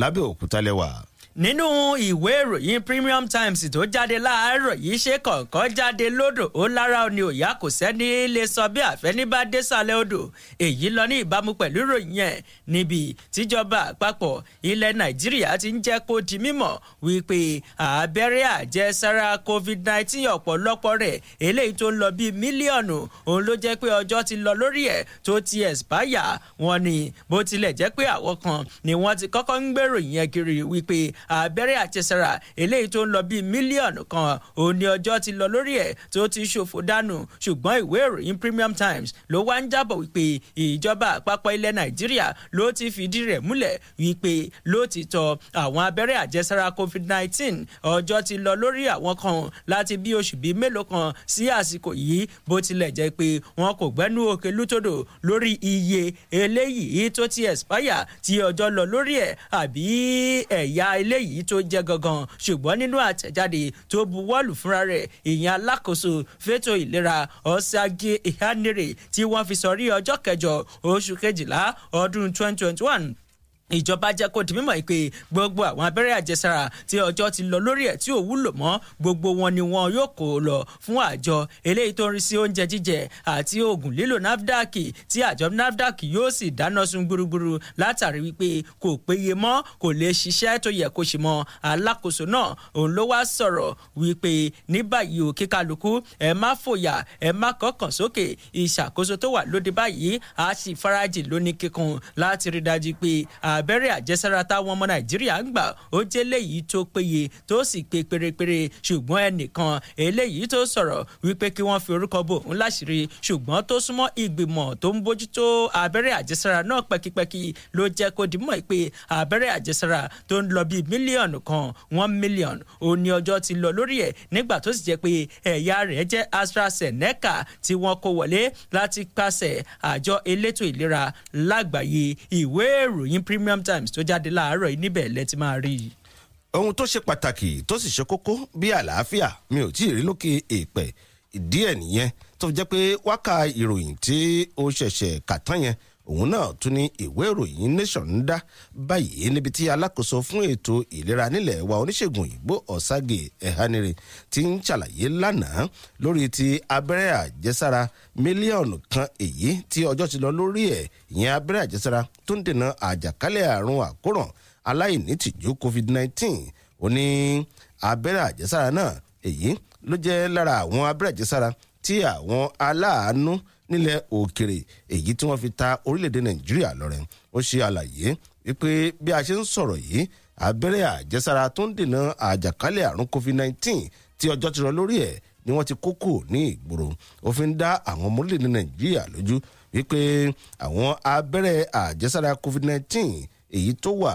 Speaker 3: lábẹ́òkúta lẹ́wà nínú ìwé ìròyìn Premium
Speaker 4: Times tó jáde láàárọ̀ yìí ṣe kọ̀ọ̀kan jáde lódò ó lára ni òyà kò sẹ́ni lè sọ bí àfẹnibádé sàlẹ̀ odò èyí lọ ní ìbámu pẹ̀lú ìròyìn ẹ̀ níbi tíjọba àpapọ̀ ilẹ̀ Nàìjíríà ti ń jẹ́ kó di mímọ̀ wípé abẹ́rẹ́ àjẹsára covid nineteen ọ̀pọ̀lọpọ̀ rẹ̀ eléyìí tó ń lọ bíi mílíọ̀nù òun ló jẹ́ pé ọjọ́ ti lọ lórí ẹ̀ tó ti expire wọn ni bó tilẹ̀ jẹ́ pé àwọn kan ni wọ́n ti kọ́kọ́ ń gbèrò yẹn kiri wípé abẹ́rẹ́ àjẹsára eléyìí tó ń lọ bíi mílíọ̀nù kan òun ni ọjọ́ ti lọ lórí ẹ̀ tó ti ṣòfò dànù ṣùgbọ́n ìwé ìròyìn Premium Times ló wá ń jábọ̀ wípé ìjọba àpapọ̀ ilẹ̀ Nàìjíríà ló ti fìdí rẹ̀ múlẹ̀ wípé lótìtọ́ àwọn abẹ́rẹ́ àjẹsára covid nineteen, ọjọ́ ti lọ lórí àwọn kan láti bí oṣù bíi mélòó kan sí àsìkò yìí bó tilẹ̀ jẹ́ pé wọn kò gbẹ́nu òkè lútòdò lórí iye eléyìí tó ti expire tí ọjọ́ lọ lórí ẹ̀ àbí ẹ̀yà ilé eléyìí tó jẹ́ gangan ṣùgbọ́n nínú àtẹ̀jáde tó buwọ́lù fúnra rẹ̀ ìyẹn alákòóso fétò ìlera ọ̀sàgì ìhánirè tí wọ́n fi sọrí ọjọ́ kẹjọ oṣù kejìlá ọdún 2021 ìjọba jẹ́ kó di mímọ̀ pé gbogbo àwọn abẹ́rẹ́ àjẹsára tí ọjọ́ ti lọ lórí ẹ̀ tí ò wúlò mọ́ gbogbo wọn ni wọn yóò kó lọ fún àjọ eléyìí tó ń rí sí oúnjẹ jíjẹ àti oògùn lílò nafdac tí àjọ nafdac yóò sì dáná sun gbúrúgbúrú látàrí wípé kò péye mọ́ kò lè ṣiṣẹ́ tó yẹ kó ṣe mọ́ alákòóso náà òun ló wá sọ̀rọ̀ wípé ní báyìí ò kíkálukú ẹ má fòyà ẹ má kọkàn sókè ìṣàkóso tó wà lóde báyìí á sì farajì lóní kíkun láti rí dájú pé abẹ́rẹ́ àjẹsára táwọn ọmọ nàìjíríà ń gbà ó jẹ́ léyìí tó péye tó sì pé pérépéré ṣùgbọ́n ẹnìkan eléyìí tó sọ̀rọ̀ wípé kí wọ́n fi orúkọ bò ń láṣìírí ṣùgbọ́n tó súnmọ́ ìgbìmọ̀ tó ń bójútó abẹ́rẹ́ àjẹsára náà pẹ́kípẹ́kí ló jẹ́ kó dìímọ̀ pé abẹ́rẹ́ àjẹsára tó ń lọ bíi mílíọ̀nù kan one million ó ní ọjọ́ ti lọ lórí ẹ̀ nígbà tó sì jẹ́ pé ẹ̀yà rẹ̀ jẹ́ AstraZeneca tí wọ́n kó wọlé láti pàṣẹ àjọ elétò ìlera lágbàáyé ìwé ìròyìn Premier Premium Times tó jáde láàárọ̀ yìí níbẹ̀ lẹ ti máa rí i.
Speaker 3: ohun tó ṣe pàtàkì tó sì ṣe kókó bí àlàáfíà mi ò tí ì rí lókè èèpẹ̀ ìdí ẹ̀ nìyẹn tó jẹ́ pé wákà ìròyìn tí ó ṣẹ̀ṣẹ̀ kà tán yẹn òun náà tún ní ìwé ìròyìn nation ń dá báyìí níbi tí alákòóso fún ètò ìlera nílẹ̀ wa oníṣègùn òyìnbó ọ̀ságe ẹ̀hánire ti ń ṣàlàyé lánàá lórí ti abẹ́rẹ́ àjẹsára mílíọ̀nù kan èyí tí ọjọ́ ti lọ lórí ẹ̀ ìyẹn abẹ́rẹ́ àjẹsára tó ń dènà àjàkálẹ̀ àrùn àkóràn aláìnítìjú covid-19 ó ní abẹ́rẹ́ àjẹsára náà èyí ló jẹ́ lára àwọn abẹ́rẹ́ àjẹsára tí àwọn aláàánú nílẹ̀ òkèrè èyí tí wọ́n fi ta orílẹ̀-èdè nàìjíríà lọ́rẹ̀ ó ṣe àlàyé wípé bí a ṣe ń sọ̀rọ̀ yìí abẹ́rẹ́ àjẹsára tó ń dènà àjàkálẹ̀ àrùn covid-19 tí ọjọ́ ti rọ lórí ẹ̀ ni wọ́n ti kókò ní ìgboro òfin dá àwọn ọmọ orílẹ̀-èdè nàìjíríà lójú wípé àwọn abẹ́rẹ́ àjẹsára covid-19 èyí tó wà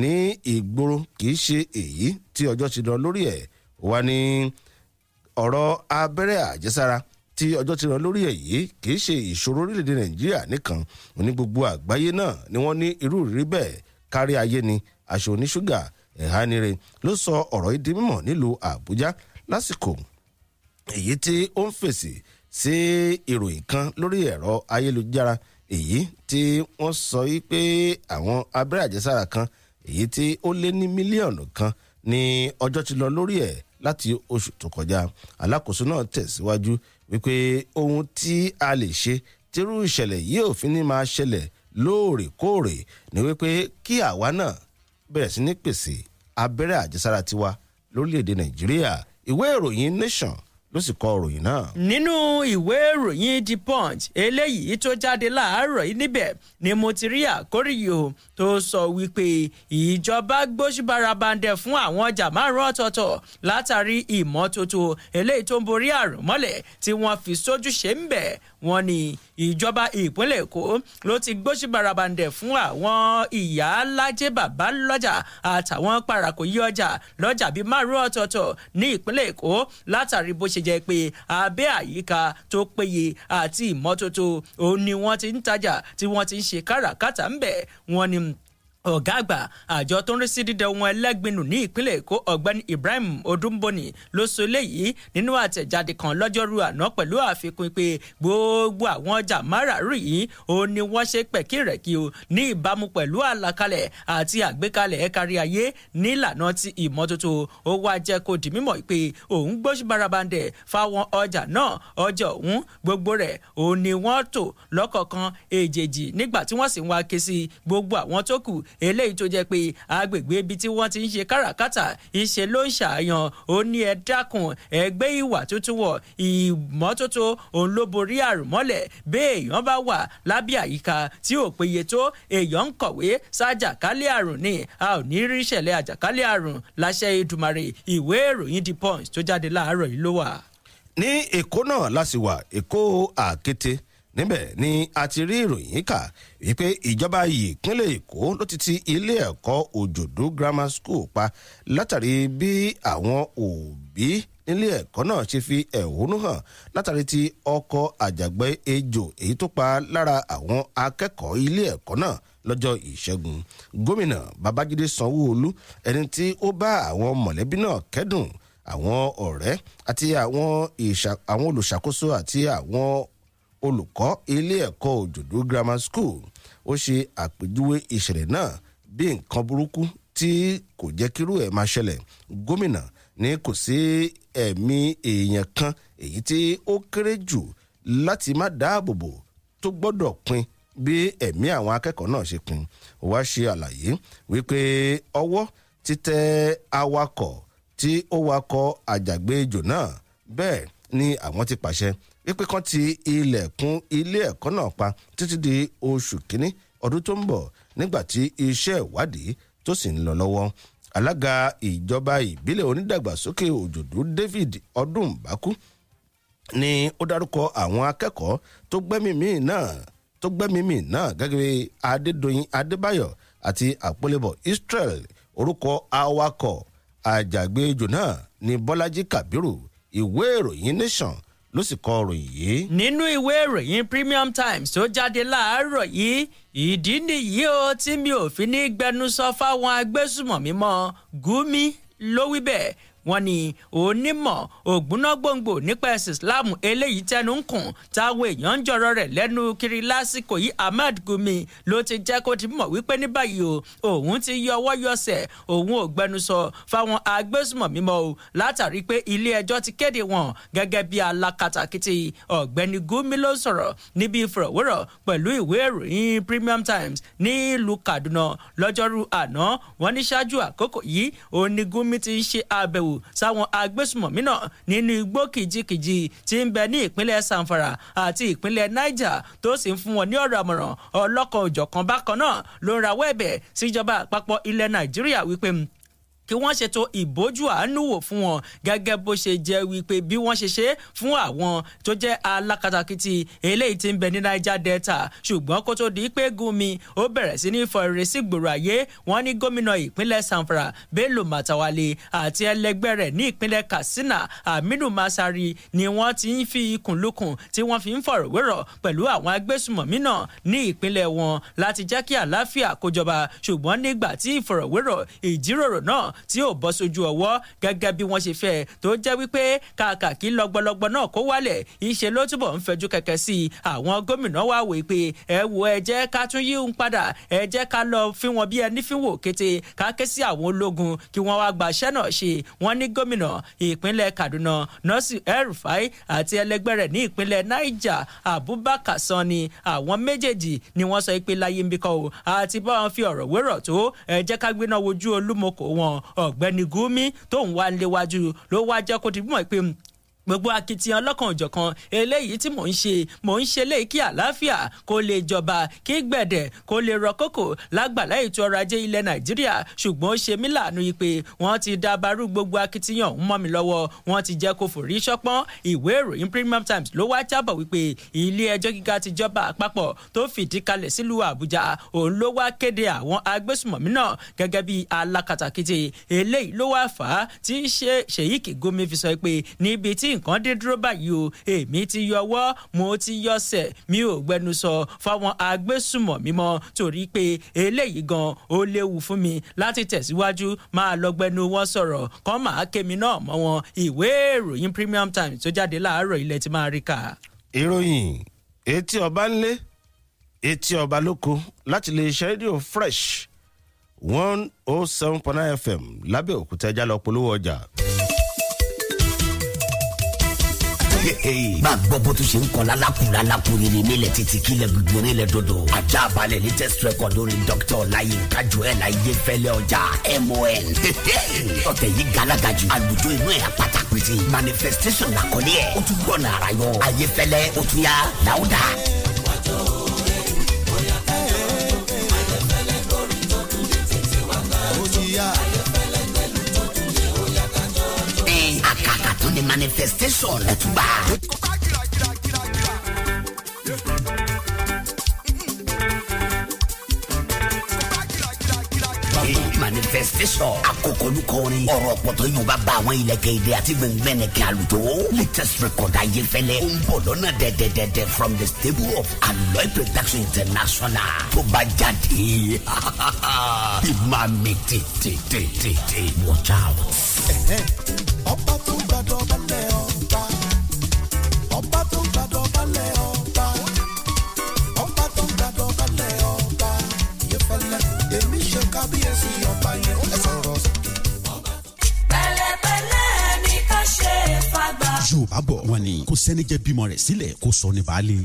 Speaker 3: ní ìgboro kìí ṣe èyí tí ọjọ́ ti rọ lórí ẹ̀ wá ní ọ̀rọ̀ abẹ́rẹ́ àjẹsára tí ọjọ́ ti ràn lórí èyí kì í ṣe ìṣòro orílẹ̀-èdè nàìjíríà nìkan òní gbogbo àgbáyé náà ni wọ́n ní irú ìrírí bẹ́ẹ̀ kárí ayé ni aṣọ oníṣúgà ẹ̀hánire ló sọ ọ̀rọ̀ yìí di mímọ̀ nílùú àbújá lásìkò èyí tí ó ń fèsì sí ìròyìn kan lórí ẹ̀rọ ayélujára èyí tí wọ́n sọ wípé àwọn abẹ́rẹ́ àjẹsára kan èyí tí ó lé ní mílíọ̀nù kan ní ọjọ́ ti lọ lórí ẹ̀ láti oṣù tó kọjá alákòóso náà tẹ̀síwájú wípé ohun tí a lè ṣe tírú ìṣẹ̀lẹ̀ yìí ò fi ní máa ṣẹlẹ̀ lóòrèkóòrè ni wípé kí àwa náà bẹ̀rẹ̀ sí ní pèsè abẹ́rẹ́ àjẹsára tiwa lórílẹ̀‐èdè nàìjíríà ìwé ìròyìn nation ló sì kọ ìròyìn náà. nínú ìwé ìròyìn the
Speaker 4: punch eléyìí tó jáde láàárọ̀ yìí níbẹ̀ ni mo ti rí àkóríyò tó sọ wípé ìjọba gbóṣùbárabandẹ fún àwọn ọjà márùn ọ̀tọ̀ọ̀tọ̀ látàrí ìmọ́tótó eléyìí tó ń borí àrùn mọ́lẹ̀ tí wọ́n fi sójú ṣe ń bẹ̀ wọ́n ní ìjọba ìpínlẹ̀ èkó ló ti gbóṣì barabandẹ̀ fún àwọn ìyá lájẹ́ bàbá lọ́jà àtàwọn parako yí ọjà lọ́jà bíi márùn ọ̀tọ̀ọ̀tọ̀ ní ìpínlẹ̀ èkó látàrí bó ṣe jẹ́ pé abẹ́ àyíká tó péye àti ìmọ́tótó òun ni wọ́n ti ń tajà tí wọ́n ti ń ṣe káràkátà ń bẹ̀ wọ́n ni ọ̀gá àgbà àjọ tó ń rí sí dídẹ ohun ẹlẹ́gbinú ní ìpínlẹ̀ èkó ọ̀gbẹ́ni ibrahim odúmbóni ló sọ eléyìí nínú àtẹ̀jáde kan lọ́jọ́rú àná pẹ̀lú àfikún pé gbogbo àwọn ọjà márààrún yìí ó ní wọ́n ṣe pẹ̀kírẹ̀kí o ní ìbámu pẹ̀lú àlàkalẹ̀ àti àgbékalẹ̀ ẹ̀kárí ayé nílànà ti ìmọ́tótó ó wá jẹ́ kó di mímọ̀ pé òun gbóṣù barabandẹ̀ fáwọn ọjà náà ọjà òun gbogbo rẹ̀ ó ní wọ́n tò lọ́kọ̀ọ̀kan èjèèjì nígbà tí wọ́n sì ń wá ké sí gbogbo àwọn tó kù eléyìí tó jẹ́ pé agbègbè ibi tí wọ́n ti ń ṣe káràkátà ìṣe ló ń ṣàyàn ó ní ẹ dákun ẹgbẹ́ ìwà tuntun wọ̀ ìmọ́tótó òun ló borí àrùn mọ́lẹ̀ bẹ́ẹ̀ èèyàn bá wà lábẹ́ àyíká tí ò péye tó èèyàn ń kọ̀wé sájàkálẹ̀ àrùn ni a ò ní rí ìṣẹ̀lẹ̀ àjàkálẹ̀ àrùn láṣẹ Èdùmàrè ìwé ìròyìn The Punch tó jáde láàárọ̀ yìí ló wà.
Speaker 3: ní Èkó náà la sì wà Èkó àkété níbẹ̀ ni a ti rí ìròyìn kà wípé ìjọba ìpínlẹ̀ èkó ló ti ti ilé ẹ̀kọ́ òjòdó grammar school pa látàrí bí àwọn òbí nílé ẹ̀kọ́ náà ṣe fi ẹ̀hónú hàn látàrí ti ọkọ̀ àjàgbẹ́ ejò èyí tó pa lára àwọn akẹ́kọ̀ọ́ ilé ẹ̀kọ́ náà lọ́jọ́ ìṣẹ́gun gómìnà babájídé sanwó-olu ẹni tí ó bá àwọn mọ̀lẹ́bí náà kẹ́dùn àwọn ọ̀rẹ́ àti àwọn olùṣàkóso àti àwọn olùkọ́ ilé ẹ̀kọ́ òjòdú grammar school ó ṣe àpèjúwe ìṣẹ̀lẹ̀ náà bí nǹkan burúkú tí kò jẹ́ kírú ẹ̀ máa ṣẹlẹ̀ gómìnà ní kò sí ẹ̀mí èèyàn kan èyí tí ó kéré jù láti má dáàbòbò tó gbọ́dọ̀ pin bí ẹ̀mí àwọn akẹ́kọ̀ọ́ náà ṣe pin wá ṣe àlàyé wípé ọwọ́ títẹ awakọ̀ tí ó wakọ̀ àjàgbéjò náà bẹ́ẹ̀ ni àwọn ti pàṣẹ wípé kán ti ilẹ̀kùn ilé ẹ̀kọ́ náà pa títí di oṣù kínní ọdún tó ń bọ̀ nígbà tí iṣẹ́ ìwádìí tó sì ń lọ lọ́wọ́ alága ìjọba ìbílẹ̀ onídàgbàsókè òjòdú david ọdúnbàkú ni ó dárúkọ àwọn akẹ́kọ̀ọ́ tó gbẹ́mìmì náà tó gbẹ́mìmì náà gẹ́gẹ́ bí adédọ̀yìn adébáyọ̀ àti àpólébọ̀ israel orúkọ awakọ̀ àjàgbéjò náà ni bọ́lájí kàbírù ìwé ìròyìn nation ló sì kọ ìròyìn yìí. nínú ìwé
Speaker 4: ìròyìn premium times tó jáde láàárọ̀ yìí ìdí nìyí o tí mi ò fi ní gbẹnusọ fáwọn agbésùmọ̀mí mọ́ Gumi ló wí bẹ́ẹ̀ wọ́n ní onímọ̀ ògbónágbòǹgbò nípa ẹ̀sìn islam eléyìí tẹnu ń kùn táwọn èèyàn ń jọ̀rọ̀ rẹ̀ lẹ́nu kiri lásìkò yìí ahmed gumi ló ti jẹ́ kó ti mọ̀ wípé ní báyìí o òun ti yọ ọwọ́ yọsẹ̀ òun ò gbẹnusọ fáwọn agbésùmọ̀mí mọ́ o látàrí pé ilé ẹjọ́ ti kéde wọn gẹ́gẹ́ bí alákatakítí ọ̀gbẹ́ni gumi ló sọ̀rọ̀ níbi ìfọ̀rọ̀wérọ̀ pẹ̀lú ìwé ìròyìn premium times nílùú kaduna lọ́jọ́rú àná wọ́n ní ṣáájú àkókò yìí òun ni ti ń ṣe àbẹ̀wò sáwọn agbésùmọ̀mí náà nínú igbó kìjikìji tí ń bẹ ní ìpínlẹ̀ sanfara àti ìpínlẹ̀ niger tó sì ń fún wọn ní ọ̀rọ̀ àmọ̀ràn ọlọ́kan òjọ̀kan bákan náà ló ń rawọ́ ẹ̀bẹ̀ síjọba àpapọ̀ ilẹ̀ nàìjíríà wípé kí wọ́n ṣètò ìbójú àánú wò fún wọn gẹ́gẹ́ bó ṣe jẹ́ wípé bí wọ́n ṣe ṣe fún àwọn tó jẹ́ alákatakítí eléyìí tí ń bẹ ní Niger Delta ṣùgbọ́n kó tó di pé Gumi ó bẹ̀rẹ̀ sí ní fọrẹrẹ sí gbòòrò ayé wọ́n ní gómìnà ìpínlẹ̀ Zamfara Bello Matawalle àti ẹlẹgbẹ́ rẹ̀ ní ìpínlẹ̀ Katsina Aminu Masari ni wọ́n ti ń fi ikùn lukùn tí wọ́n fi ń fọ̀rọ̀wérọ̀ pẹ̀lú àwọn agbésùmọ̀mí náà ní ìpínlẹ̀ wọn láti jẹ́ kí àlàáfíà kó náà tí ò bọ́ sójú ọwọ́ gẹ́gẹ́ bí wọ́n ṣe fẹ́ tó jẹ́ wípé kàkà kí lọ́gbọ́lọ́gbọ́ náà kó wálẹ̀ ìṣe ló túbọ̀ ń fẹjú kẹ̀kẹ́ sí i àwọn gómìnà wà wò pé ẹ wo ẹ jẹ́ ká tún yí ń padà ẹ jẹ́ ká lọ fi wọn bí ẹni fi wò kété ká ké sí àwọn ológun kí wọ́n wá gba iṣẹ́ náà ṣe wọ́n ní gómìnà ìpínlẹ̀ Kaduna nọ́ọ̀sì el àti ẹlẹgbẹ́ rẹ̀ ní ìpínlẹ̀ Niger Abubakar Sani àwọn méjèèjì ni wọ́n sọ pé láyé ń bí kọ́ o àti bá wọn fi ọ̀rọ̀ wérọ̀ tó ẹ jẹ́ ká gbéná wojú olúmọkò wọn ọ̀gbẹ́ni Gumi tóun wá ń léwájú ló wá jẹ́ kó ti mọ̀ pé gbogbo akitiyan lọ́kàn òjọ̀kan eléyìí tí mò ń ṣe mò ń ṣe léyìí kí àlàáfíà kó lè jọba kí gbẹ̀dẹ̀ kó lè rọ kókò lágbàlá ètò ọrọ̀ ajé ilẹ̀ nàìjíríà ṣùgbọ́n ó ṣe mí láàánú yìí pé wọ́n ti dàbàrú gbogbo akitiyan ń mọ́ mi lọ́wọ́ wọ́n ti jẹ́ kó fòrí ṣọpọ́n ìwé ìròyìn premium times ló wá jábọ̀ wípé ilé ẹjọ́ gíga tìjọba àpapọ̀ tó fìdí kalẹ̀ sílùú àbújá òun ló wá kéde àwọn agbésùmọ̀mí náà gẹ́gẹ́ bí alákatakítí eléyìí ló wá fà á nǹkan dé dúró báyìí o èmi ti yọwọ́ mo ti yọsẹ̀ mi ò gbẹnusọ fáwọn agbésùmọ̀mí mọ́ torí pé eléyìí gan ó léwu fún mi láti tẹ̀síwájú máa lọ gbẹnu wọn sọ̀rọ̀ kàn máa kémi náà mọ́ wọn ìwé ìròyìn Premium Times tó jáde láàárọ̀ ilẹ̀ ti máa
Speaker 3: rí kà. ìròyìn etí ọba ńlé etí ọba lóko láti lè ṣe rédíò Fresh one oh seven point nine FM lábẹ́òkúta ẹja lọ polówó ọjà bá a gbọ́ bó tún ṣe ń kọ́ lálákùn lálákùn
Speaker 5: rere nílẹ̀ títí kílẹ̀ gbogbo nílẹ̀ dodo ajá balẹ̀ test record lórí dr ọláyínká joel ayéfẹ́lẹ́ ọjà mon ọ̀tẹ̀ yìí galaga jù àlùjọ inú ẹ̀ apáta pété manifestation làkọ́lé ẹ̀ ó tún gbọ́nà ara yọ ayéfẹ́lẹ́ ó tún yá láwùdá. ó the manifestation ẹ̀túbà. manifestation. akokolu kọrin. ọ̀rọ̀ pọ̀tọ́ yóò bá ba àwọn ilẹ̀kẹ̀ èdè àti gbẹngbẹ̀nì kí àlùjọ. latest record ayé fẹ́lẹ́. ó ń bọ̀ lọ́nà dẹ̀dẹ̀dẹ̀dẹ̀ from the stable of aloe production international. tó bá jáde [LAUGHS] ìmọ̀ mi tètè tètè watch out.
Speaker 2: ọ̀pá tó gbàdọ̀bálẹ̀ ọba ọba tó gbàdọ̀bálẹ̀ ọba ọba tó gbàdọ̀bálẹ̀ ọba Yẹfẹlẹ èmi ṣe
Speaker 1: kábíyèsí ọba yẹn ó lè sọ̀rọ̀ sókè. pẹ̀lẹ́pẹ̀lẹ́ ni ká ṣe é fagbá.
Speaker 7: Yorùbá bọ̀ wọ́n ní kò sẹ́ni jẹ́ bímọ rẹ̀ sílẹ̀ kó sọ ní baálé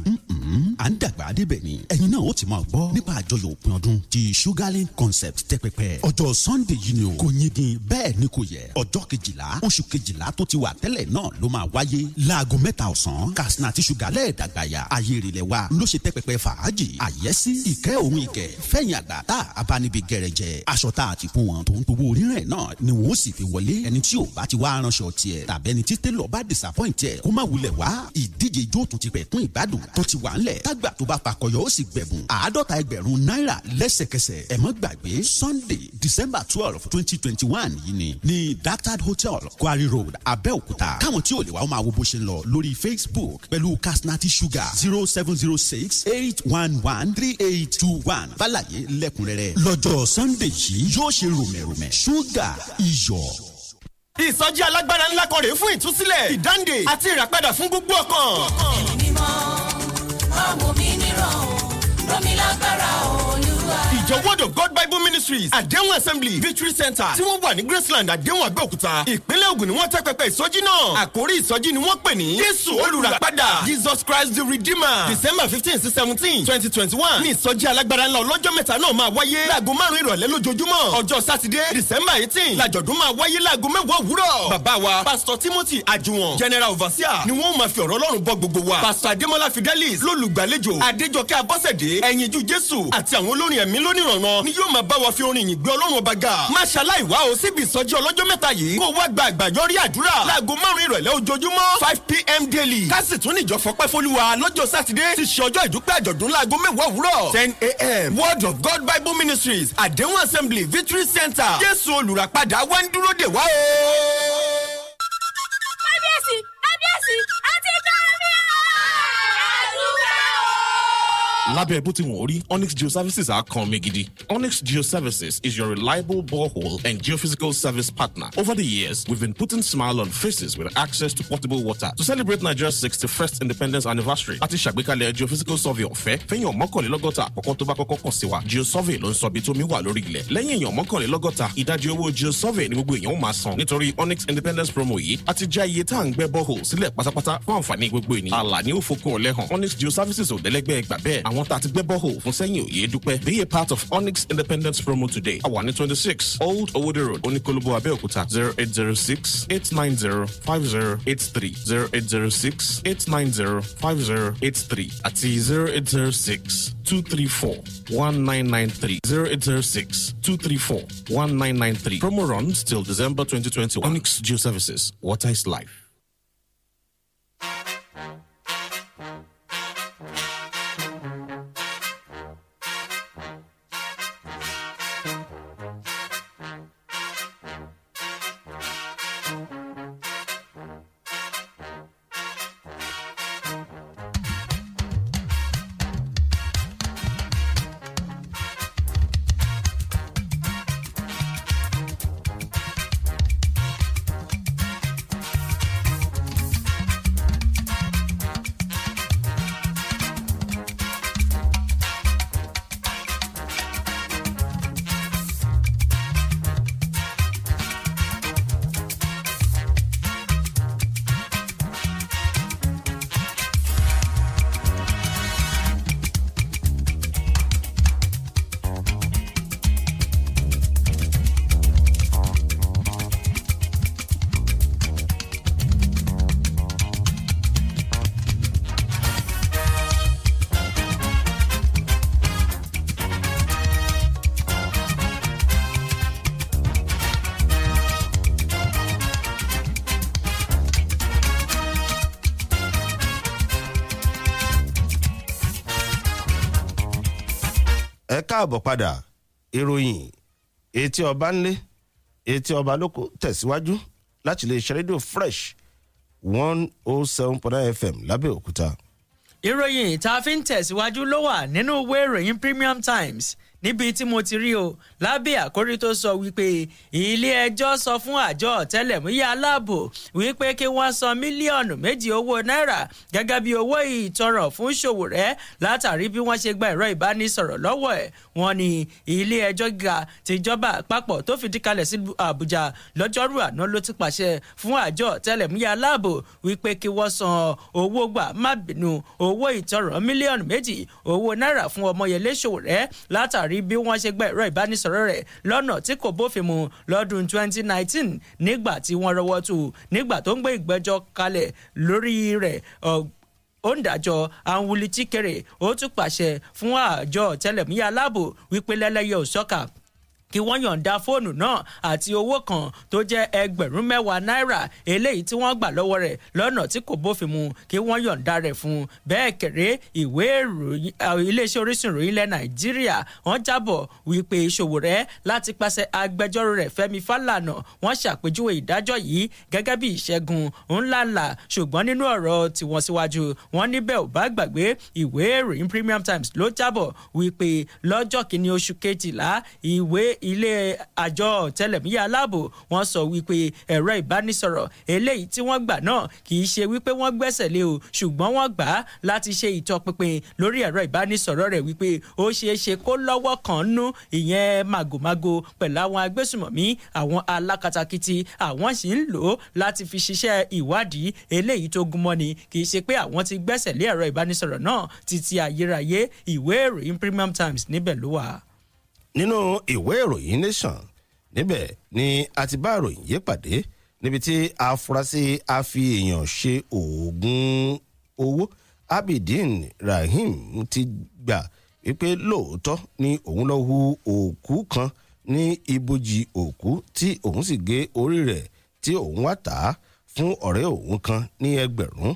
Speaker 7: ọ̀hún. Hmm? à ń dàgbà débẹ̀ ni ẹ̀yin náà ó ti máa gbọ́ nípa àjọyọ̀ òpin ọdún ti sugarland concept tẹ́pẹ́pẹ́ ọjọ́ sunday yìí ni o kò yegin bẹ́ẹ̀ ni kò yẹ ọjọ́ kejìlá oṣù kejìlá tó ti wà tẹ́lẹ̀ náà ló máa wáyé láago mẹ́ta ọ̀sán kasina ti sugarland dàgbàyà ayé ìrìlẹ̀ wa ló ṣe tẹ́pẹ́pẹ́ fàájì àyẹ́sí ìkẹ́ òun ìkẹ́ fẹ̀yìn àgbà tá a gẹ̀rẹ̀jẹ̀ aṣọ tá a ti fún wọn tó ń towó rírẹ̀ náà ni wọ́n sì fi wọlé ẹni tí ò bá ti wá aránṣọ tiẹ̀ tàbẹ́ni tí tẹ́lọ̀ bá disappoint ẹ̀ kó wà ńlẹ̀ tágbà tó bá pakọyọ ó sì gbẹ̀bùn àádọ́ta ẹgbẹ̀rún náírà lẹ́sẹ̀kẹsẹ̀ ẹ má gbàgbé sunday december twelve twenty twenty one yìí ni ní dactard hotel quarry road abẹ́òkúta káwọn tí ò lè wá ó máa wo bó ṣe ń lọ lórí facebook pẹ̀lú kasnati sugar zero seven zero six eight one one three eight two one fàlàyé lẹ́kùnrẹ́rẹ́ lọ́jọ́ sunday yìí yóò ṣe rùmẹ̀rùmẹ̀ ṣúgà
Speaker 2: iyọ̀ ìsọjí alágbára ńlá kan rèé fún ìtúsílẹ̀ ìdáǹdè àti ìràpadà fún gbogbo ọkàn.
Speaker 1: ẹ̀mí mímọ́ má wò mí níràn o lómi lágbára o
Speaker 2: ìjọ word of god bible ministries àdéhùn assembly victory center tí wọ́n wà ní graceland àdéhùn àbẹ́òkúta ìpínlẹ̀ ògùn ni wọ́n tẹ́ pẹpẹ ìsọjí náà àkórí ìsọjí ni wọ́n pè ní jésù olùràpadà jesus christ the redeemer december fifteen sí seventeen twenty twenty one ní ìsọjí alágbára ńlá ọlọ́jọ́ mẹ́ta náà máa wáyé láago márùn ìrọ̀lẹ́ lójoojúmọ́ ọjọ́ sátidé december eighteen làjọ̀dún máa wáyé láago mẹ́wàá òwúrọ̀ bàbá wa pastor timothy àjùwọ̀n general overseer ni wọ́n máa wa pastor adémọlá fidelis lólùgbàlejò adéjọkẹ́ abọ́sẹ̀dé ẹ̀yinjú jésù àti àwọn olórin ẹ̀mí lónìrànràn ni yóò máa bá wa fi orin ìyìn ọlọ́run ọba ga. má ṣaláì o síbi ìsọjí ọlọ́jọ́ mẹ́ta yìí kó wá gba àgbàjọrí àdúrà láago márùn-ún ìrọ̀lẹ́ ojoojúmọ́ five pm daily kásì tún níjọ fọpẹ́ fọlúwa lọ́jọ́ sátidé ti ṣe ọjọ́ ìdúpẹ́ àjọ̀dún láago mẹ́wàá òwúrọ̀ ten a.m. word of god bible ministries àdéhùn assembly victory center jésù olùràpadà wá ń dúró dè wá o.
Speaker 6: lábẹ́ bó ti wọ̀n rí onyx geoservices á kan mi gidi onyx geoservices is your reliable borehole and geophysical service partner over the years we've been putting smile on faces with access to portable water to celebrate nigeria's sixty-first independence anniversary àti ṣàgbékalẹ̀ geophysical survey ọ̀fẹ́ fẹ́yìn ọ̀mọ́kànlélọ́gọ́ta àkọ́kọ́ tó bá kọ́kọ́ kàn sí wa geosurvey ló ń sọ ibi tó mi wà lórí ilẹ̀ lẹ́yìn èèyàn mọ́kànlélọ́gọ́ta ìdajì owó geosurvey ni gbogbo èèyàn ó máa san nítorí onyx independence promo yìí àti já iye tá à ń gbẹ́ borehole sílẹ̀ pátápátá fún àǹfààní gbogbo ènìyàn àlà ni ó fokun ọ̀lẹ́ hàn onyx geoservices ò dẹ́lẹ́gbẹ́ gbà bẹ́ẹ̀ àwọn kan the a ti gbẹ́ bọ́hò you. be a part of onyx independence promo today àwa ní twenty six old owode road oníkólóbó abẹ́òkúta zero eight zero six eight nine zero five zero eight three zero eight zero six eight nine zero five zero eight three àti zero eight zero six two three four one nine nine three zero eight zero six two three four one nine nine three promo runs till December twenty twenty one onyx geoservices Services. What is life.
Speaker 3: káàbọ̀ padà ìròyìn etí ọba ńlẹ̀ etí ọba lóko tẹ̀síwájú láti lè ṣe rédíò fresh one oh seven point nine fm lábẹ́òkúta.
Speaker 4: ìròyìn tá a fi ń tẹ̀síwájú ló wà nínú ìwé ìròyìn premium times níbi tí mo ti rí o lábẹ́ àkórí tó sọ wípé ilé ẹjọ́ sọ fún àjọ ọ̀tẹlẹ̀múyẹ́ aláàbò wípé kí wọ́n san mílíọ̀nù méjì owó náírà gẹ́gẹ́ bí owó ìtanràn fún Sowore látàrí bí wọ́n ṣe gba ẹ̀rọ ìbánisọ̀rọ̀ lọ́wọ́ ẹ̀ wọ́n ní ilé ẹjọ́ gíga tìjọba àpapọ̀ tó fìdí kalẹ̀ sí Àbújá lọ́jọ́rú àná ló ti pàṣẹ fún àjọ ọ̀tẹlẹ̀múyẹ́ aláàbò wípé kí wọ́n san owó gbà má ṣàwárí bí wọ́n ṣe gbẹ́ ẹ̀rọ ìbánisọ̀rọ̀ rẹ̀ lọ́nà tí kò bófin mu lọ́dún 2019 nígbà tí wọ́n rọwọ́ tù nígbà tó ń gbé ìgbẹ́jọ́ kalẹ̀ lórí rẹ̀ òǹdàjọ Anwuli Chikere ó tún pàṣẹ fún àjọ tẹlẹmúyà aláàbò wípé lẹ́lẹ́yẹ òṣọ́kà kí wọ́n yọ̀ǹda fóònù náà àti owó kan tó jẹ́ ẹgbẹ̀rún mẹ́wàá náírà eléyìí tí wọ́n gbà lọ́wọ́ rẹ̀ lọ́nà tí kò bófin mu kí wọ́n yọ̀ǹda rẹ̀ fún un bẹ́ẹ̀ kéré ìwé ìròyìn iléeṣẹ́ orísun ìròyìn ilẹ̀ nàìjíríà wọ́n jábọ̀ wípé Sowore láti pàṣẹ agbẹjọ́rò rẹ̀ Fẹ́mi Fálànà wọ́n ṣàpèjúwe ìdájọ́ yìí gẹ́gẹ́ bí ìṣẹ́gun ńláńlá ṣùgbọ́n nínú ọ̀rọ̀ tiwọn síwájú wọ́n níbẹ̀ ò bá gbàgbé ìwé ìròyìn Premium Times ló jábọ̀ wípé lọ́jọ́ kìíní oṣù kejìlá ìwé ilé àjọ tẹlẹmúyà aláàbò wọ́n sọ wípé ẹ̀rọ ìbánisọ̀rọ̀ eléyìí tí wọ́n gbà náà kì í ṣe wípé wọ́n gbẹ́sẹ̀ lé o ṣùgbọ́n wọ́n gbà á láti ṣe ìtọpinpin lórí ẹ̀rọ ìbánisọ̀rọ̀ rẹ̀ wípé ó ṣeé ṣe kó lọ́wọ́ kan nú ìyẹn màgòmágó pẹ̀lú àwọn agbésùmọ̀mí àwọn alákatakítí àwọn sì ń lò ó láti fi ṣiṣẹ́ ìwádìí eléyìí tó gúnmọ́ ni kì í ṣe pé àwọn ti gbẹ́sẹ̀ lé ẹ̀rọ ìbánisọ̀rọ̀ náà títí ayérayé ìwé ìròyìn Premium Times níbẹ̀ ló wà
Speaker 3: nínú ìwé ìròyìn nation níbẹ̀ ni a ti bá ìròyìn yé pàdé níbi tí afurasí afi èèyàn ṣe oògùn owó abidin rahim ti gbà wípé lóòótọ́ ni òun lọ hu òkú kan ní ibojì òkú tí òun sì gé orí rẹ̀ tí òun wá tà á fún ọ̀rẹ́ òun kan ní ẹgbẹ̀rún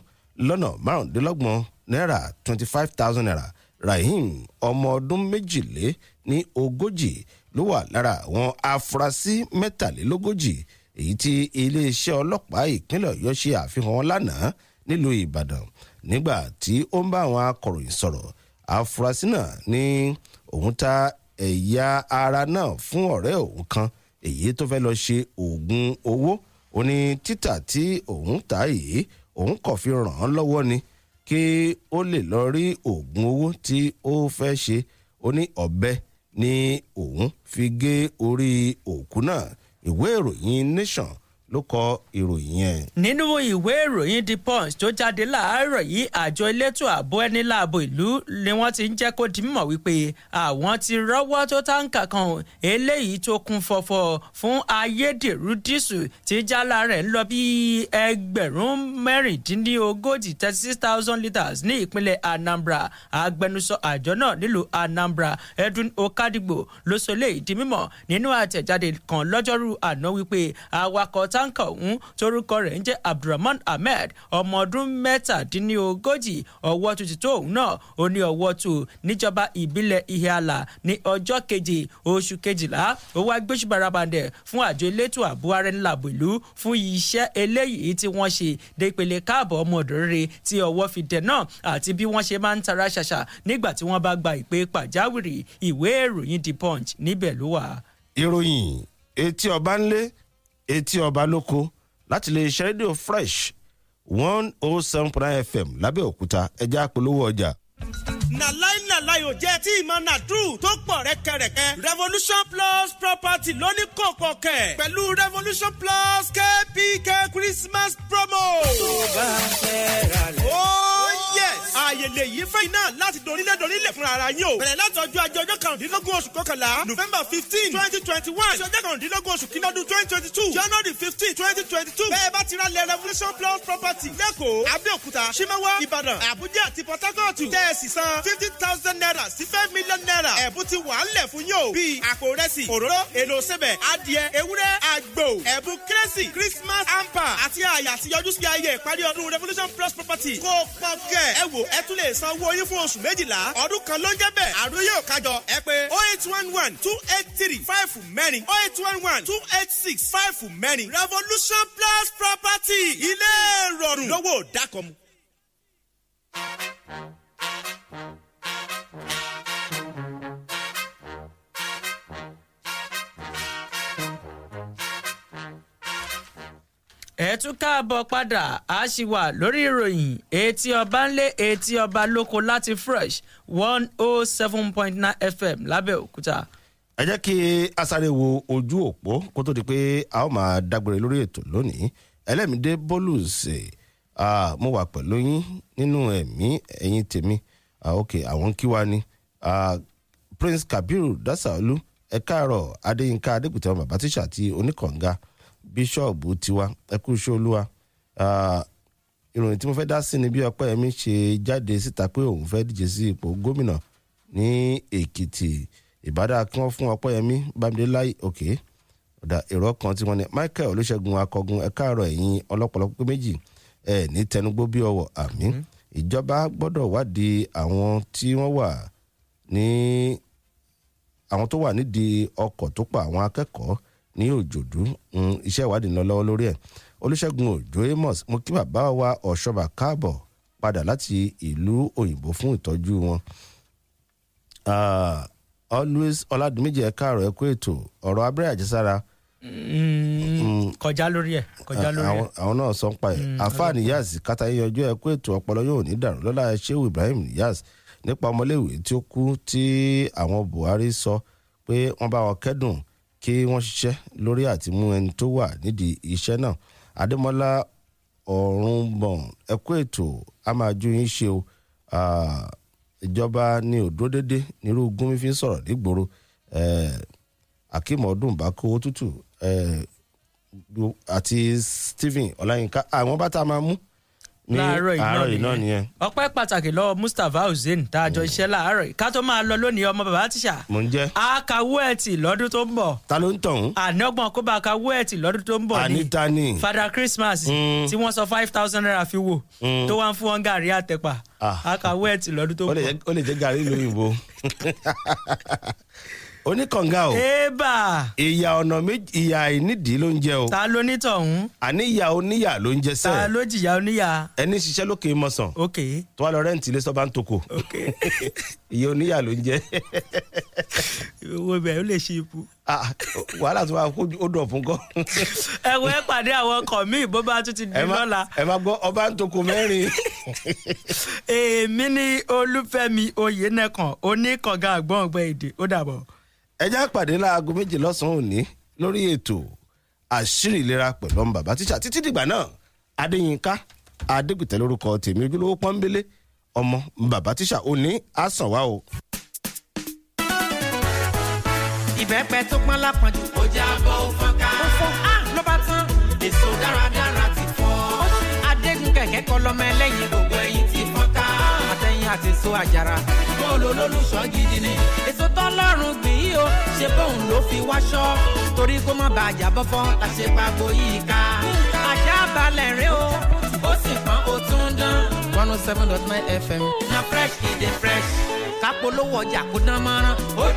Speaker 3: lọ́nà márùndínlọ́gbọ̀n náírà twenty five thousand naira rahim ọmọ ọdún méjìlél ní ogójì ló wà lára àwọn afurasí mẹ́tàlélógójì èyí tí iléeṣẹ́ ọlọ́pàá ìpínlẹ̀ ọ̀yọ́ ṣe àfihàn lánàá nílùú ìbàdàn nígbà tí ó ń bá àwọn akọ̀ròyìn sọ̀rọ̀ afurasí náà ní òun ta ẹ̀yà ara náà fún ọ̀rẹ́ òun kan èyí tó fẹ́ lọ ṣe oògùn owó ó ní títà tí òun ta yìí òun kò fi ràn án lọ́wọ́ ni kí ó lè lọ rí oògùn owó tí ó fẹ́ ṣe ó ní ọ̀bẹ ni òun fi gé orí òkú náà ìwé ìròyìn nation ló kọ ìròyìn yẹn. nínú
Speaker 4: ìwé ìròyìn the punch tó jáde láàárọ̀ yìí àjọ elétò ààbò ẹni láàbò ìlú ni wọ́n ti ń jẹ́ kó di mímọ̀ wípé àwọn ti rọ́wọ́ tó táǹkà kan eléyìí tó kún fọ́fọ́ fún ayédèrú dísù tí jálá rẹ̀ ń lọ bí ẹgbẹ̀rún mẹ́rìndínlógójì thirty six thousand litres ní ìpínlẹ̀ anambra agbẹnusọ àjọ náà nílùú anambra edwin okadigbo ló sọ eléyìí di mímọ̀ nínú àtẹ̀jáde kan lọ́jọ́rú àná wípé awakọ̀ t táǹkà ọ̀hún torúkọ rẹ̀ ń jẹ́ abdulrahman ahmed ọmọ ọdún mẹ́tàdínlógójì ọwọ́ tó ti tó òun náà ó ní ọwọ́ tó níjọba ìbílẹ̀ ihiala ní ọjọ́ kejì oṣù kejìlá ó wá gbé ṣùgbọ́nrabàdẹ̀ fún àjọ elétò ààbò ara ńlá bòlú fún iṣẹ́ eléyìí tí wọ́n ṣe dé ìpele káàbọ̀ ọmọ ọ̀dọ́ rere tí ọwọ́ fi dẹ̀ náà àti bí wọ́n ṣe máa ń tara ṣàṣà nígbà tí wọ́n bá gba ìpè pàjáwìrì ìwé ìròyìn the punch níbẹ̀ ló wà.
Speaker 3: ìròyìn etí ọba etí ọba lóko láti lè ṣe rédíò fresh one oh seven point nine fm lábẹ́òkúta ẹja polówó ọjà.
Speaker 2: na láì aláyò jẹ́ tí ìmọ̀ nàdúrù tó pọ̀ rẹ́kẹrẹ́kẹ́ revolution plus property ló ní kòkò kẹ̀ pẹ̀lú revolution plus kpk christmas promo. tó bá fẹ́ ra lẹ̀. ó oh, yes àyèlè yìí fẹ́yìn náà láti dorílẹ̀ dorílẹ̀ fúnra ara yín o. bẹ̀rẹ̀ láti ọjọ́ ajé ọjọ́ kàrúndínlógún oṣù kọkànlá november fifteen twenty twenty one ṣe ọjọ́ kàrúndínlógún oṣù kìíní ọdún twenty twenty two january fifteen twenty twenty two bẹ́ẹ̀ bá ti ra lẹ̀ revolution plus property lẹ́kọ̀ọ́ abẹ́òkúta ṣímẹ́wá ìbàdàn àbújá àti port harcourt tẹ̀ ẹ̀ sì san fifty thousand million naira sí five million naira ẹ̀bùn ti wà á lẹ̀ fún yóò bíi àpò rẹsì òróró èlò sẹbẹ̀ adìẹ ewúrẹ́ àgbò ẹ̀bùn kérésì christmas hamper àti àyà àti yọjú sí ayé ìparí ọdún revolution plus property kó o pọ̀ kẹ́ ẹ wò ẹ tún lè san owó yín fún oṣù méjìlá ọdún kan ló ń jẹ́ bẹ́ẹ̀ àdó yóò kájọ ẹ pé oh eight one one two eight three five mẹ́rin oh eight one one two eight six five mẹ́rin revolution plus property ilé ìrọ̀rùn lọ́wọ́ dákọ̀mu.
Speaker 4: ẹ tún káàbọ̀ padà a ṣì wà lórí ìròyìn etí ọba ńlé etí ọba lóko láti fresh one oh seven point nine fm lábẹ́òkúta.
Speaker 3: ẹ jẹ́ kí a sáré wo ojú òpó kó tó di pé a ó máa dágbére lórí ètò lónìí ẹlẹ́mìdé bólúùsì mo wà pẹ̀lú yín nínú ẹ̀mí ẹ̀yin tèmi ok àwọn kí wá ni prince kabiru dasaolu ẹ káàárọ̀ adéyínká adégbùtẹ́ ọmọ bàbá tíṣà àti oníkànga bíṣọ̀bù tiwa ẹkú iṣẹ́ olúwa ìròyìn tí mo fẹ́ dá sí ni bí ọpẹ́yẹmí ṣe jáde síta pé òun fẹ́ díje sí ipò gómìnà ní èkìtì ìbádà kí wọ́n fún ọpẹ́yẹmí bámidéláì òkè ọ̀dà èrò kan tí wọ́n ní michael olùṣègùn akọgun ẹ̀ka àrọ̀ ẹ̀yìn ọlọ́pọ̀lọpọ̀ pé méjì ẹ̀ ní tẹnugbó bí ọwọ́ àmì ìjọba gbọ́dọ̀ wádìí àwọn tí wọ́n wà ní àwọn tó wà nídìí ọkọ̀ tó pa àwọn akẹ́kọ̀ọ́ ní òjòdú hmm, iṣẹ́ ìwádìí lọ lọ́wọ́ lórí ẹ̀ olùṣègùn òjò amos mo kí bàbá wa ọ̀ṣọ́bà káàbọ̀ padà láti ìlú òyìnbó fún ìtọ́jú wọn. always ọ̀làdúnméjì ẹ̀ka àrò ẹ̀kọ́ ètò ọ̀rọ̀ abẹ́rẹ́ àjẹsára hmm, hmm.
Speaker 4: kọjá lórí ẹ kọjá lórí ẹ.
Speaker 3: àwọn náà sọ pa ẹ àfáà niyaz katayanjú ẹ kó ètò ọpọlọ yóò ní dàrú lọ́la sheu ibrahim niyaz nípa ọmọléèwé tí ó kú tí àwọn buhari sọ pé wọ́n bá wọn kẹ́dùn kí wọ́n ṣiṣẹ́ lórí àtìmú ẹni tó wà nídìí iṣẹ́ náà adémọ́lá ọ̀rùnbọ̀n ẹ kú ètò a máa ju yín ṣe o ìjọba ni ò dúró nírú gúnmi sọ̀rọ̀ nígboro akeem ọdún bako tútù àti stephen ọláyínká àwọn bá tá máa mú láàárọ̀ iná nìyẹn
Speaker 4: ọpẹ́ pàtàkì lọ́wọ́ Mustapha Hussein tá a jọ mm. iṣẹ́ láàárọ̀ ká tó máa lọ lónìí ọmọ bàbá tíṣà. mò ń jẹ́. akawó ẹtì lọ́dún tó ń bọ̀. ta ló ń tọ̀hún. ànọ́gbọ̀n kó bá akawó ẹtì lọ́dún tó ń bọ̀ ni. àníta ni. Father Christmas mm. tí wọ́n sọ five thousand naira fi wò mm. tó wá ń fún wọn gàrí àtẹ̀pà
Speaker 3: akawó ah. ẹtì lọ́dún tó ń bọ̀. ó lè jẹ́ gàrí lóyìnbó. [LAUGHS] oníkànga o. eba ìyá ọ̀nà méjì ìyá ìnídìí ló ń jẹ o. ta ló ní tọ̀hún. àní ìyá oníyà ló ń jẹ sẹ́ẹ̀. ta ló jìyà oníyà. ẹni ṣiṣẹ́ lókè mọ̀sán. ok. tó wà lọ rẹ́ǹtì ilé sọ́ba ń toko. ok. [LAUGHS] ìyá oníyà ló ń jẹ. [LAUGHS] owó bẹ̀ ó lè ṣe ipò. wàhálà tó wà ó dọ̀ fún kọ́.
Speaker 4: ẹ wo ẹ pàdé àwọn ọkọ mi bó bá tún ti di lọ́la. ẹ má gbọ́ ọba ń toko mẹ́rin. [LAUGHS] èmi ni olúfẹ́mi
Speaker 3: oyènẹ́kan oníkànga àgbọ̀ngbẹ̀ èdè ó dàbọ̀ ẹ já pàdé láago méjì lọ́sàn-án òní lórí ètò àṣírí ìlera pẹ̀lú ọmọ bàbá tíṣà títí dìgbà náà adéyínká adégbìtẹ́ lórúkọ tèmi ojúlówó pọ́nbélé ọmọ bàbá tíṣà òní àsàn wá o.
Speaker 1: ìbẹ́pẹ tó pọ́n lápọ̀jù. ó jẹ́ abọ́ ó fọ́n ká. ó fọ́n á ah, ló bá tán. èso dáradára ti fọ́. ó ní adégún kẹ̀kẹ́ kọ́ lọ́mọ ẹ àti so àjàrà. bọ́ọ̀lù olólùṣọ́ gidi ni. èso tọ́lọ́run gbìn yìí o ṣe bóun ló fi wáṣọ. torí kó má bàa jábọ́ fọ́ la ṣe pàgbo yìí ká. àṣà balẹ̀ rẹ o ó sì pọ́n ó tún dán. one oh seven dot nine fm na fresh e dey fresh. kápolówó ọjà kó dán mọ́rán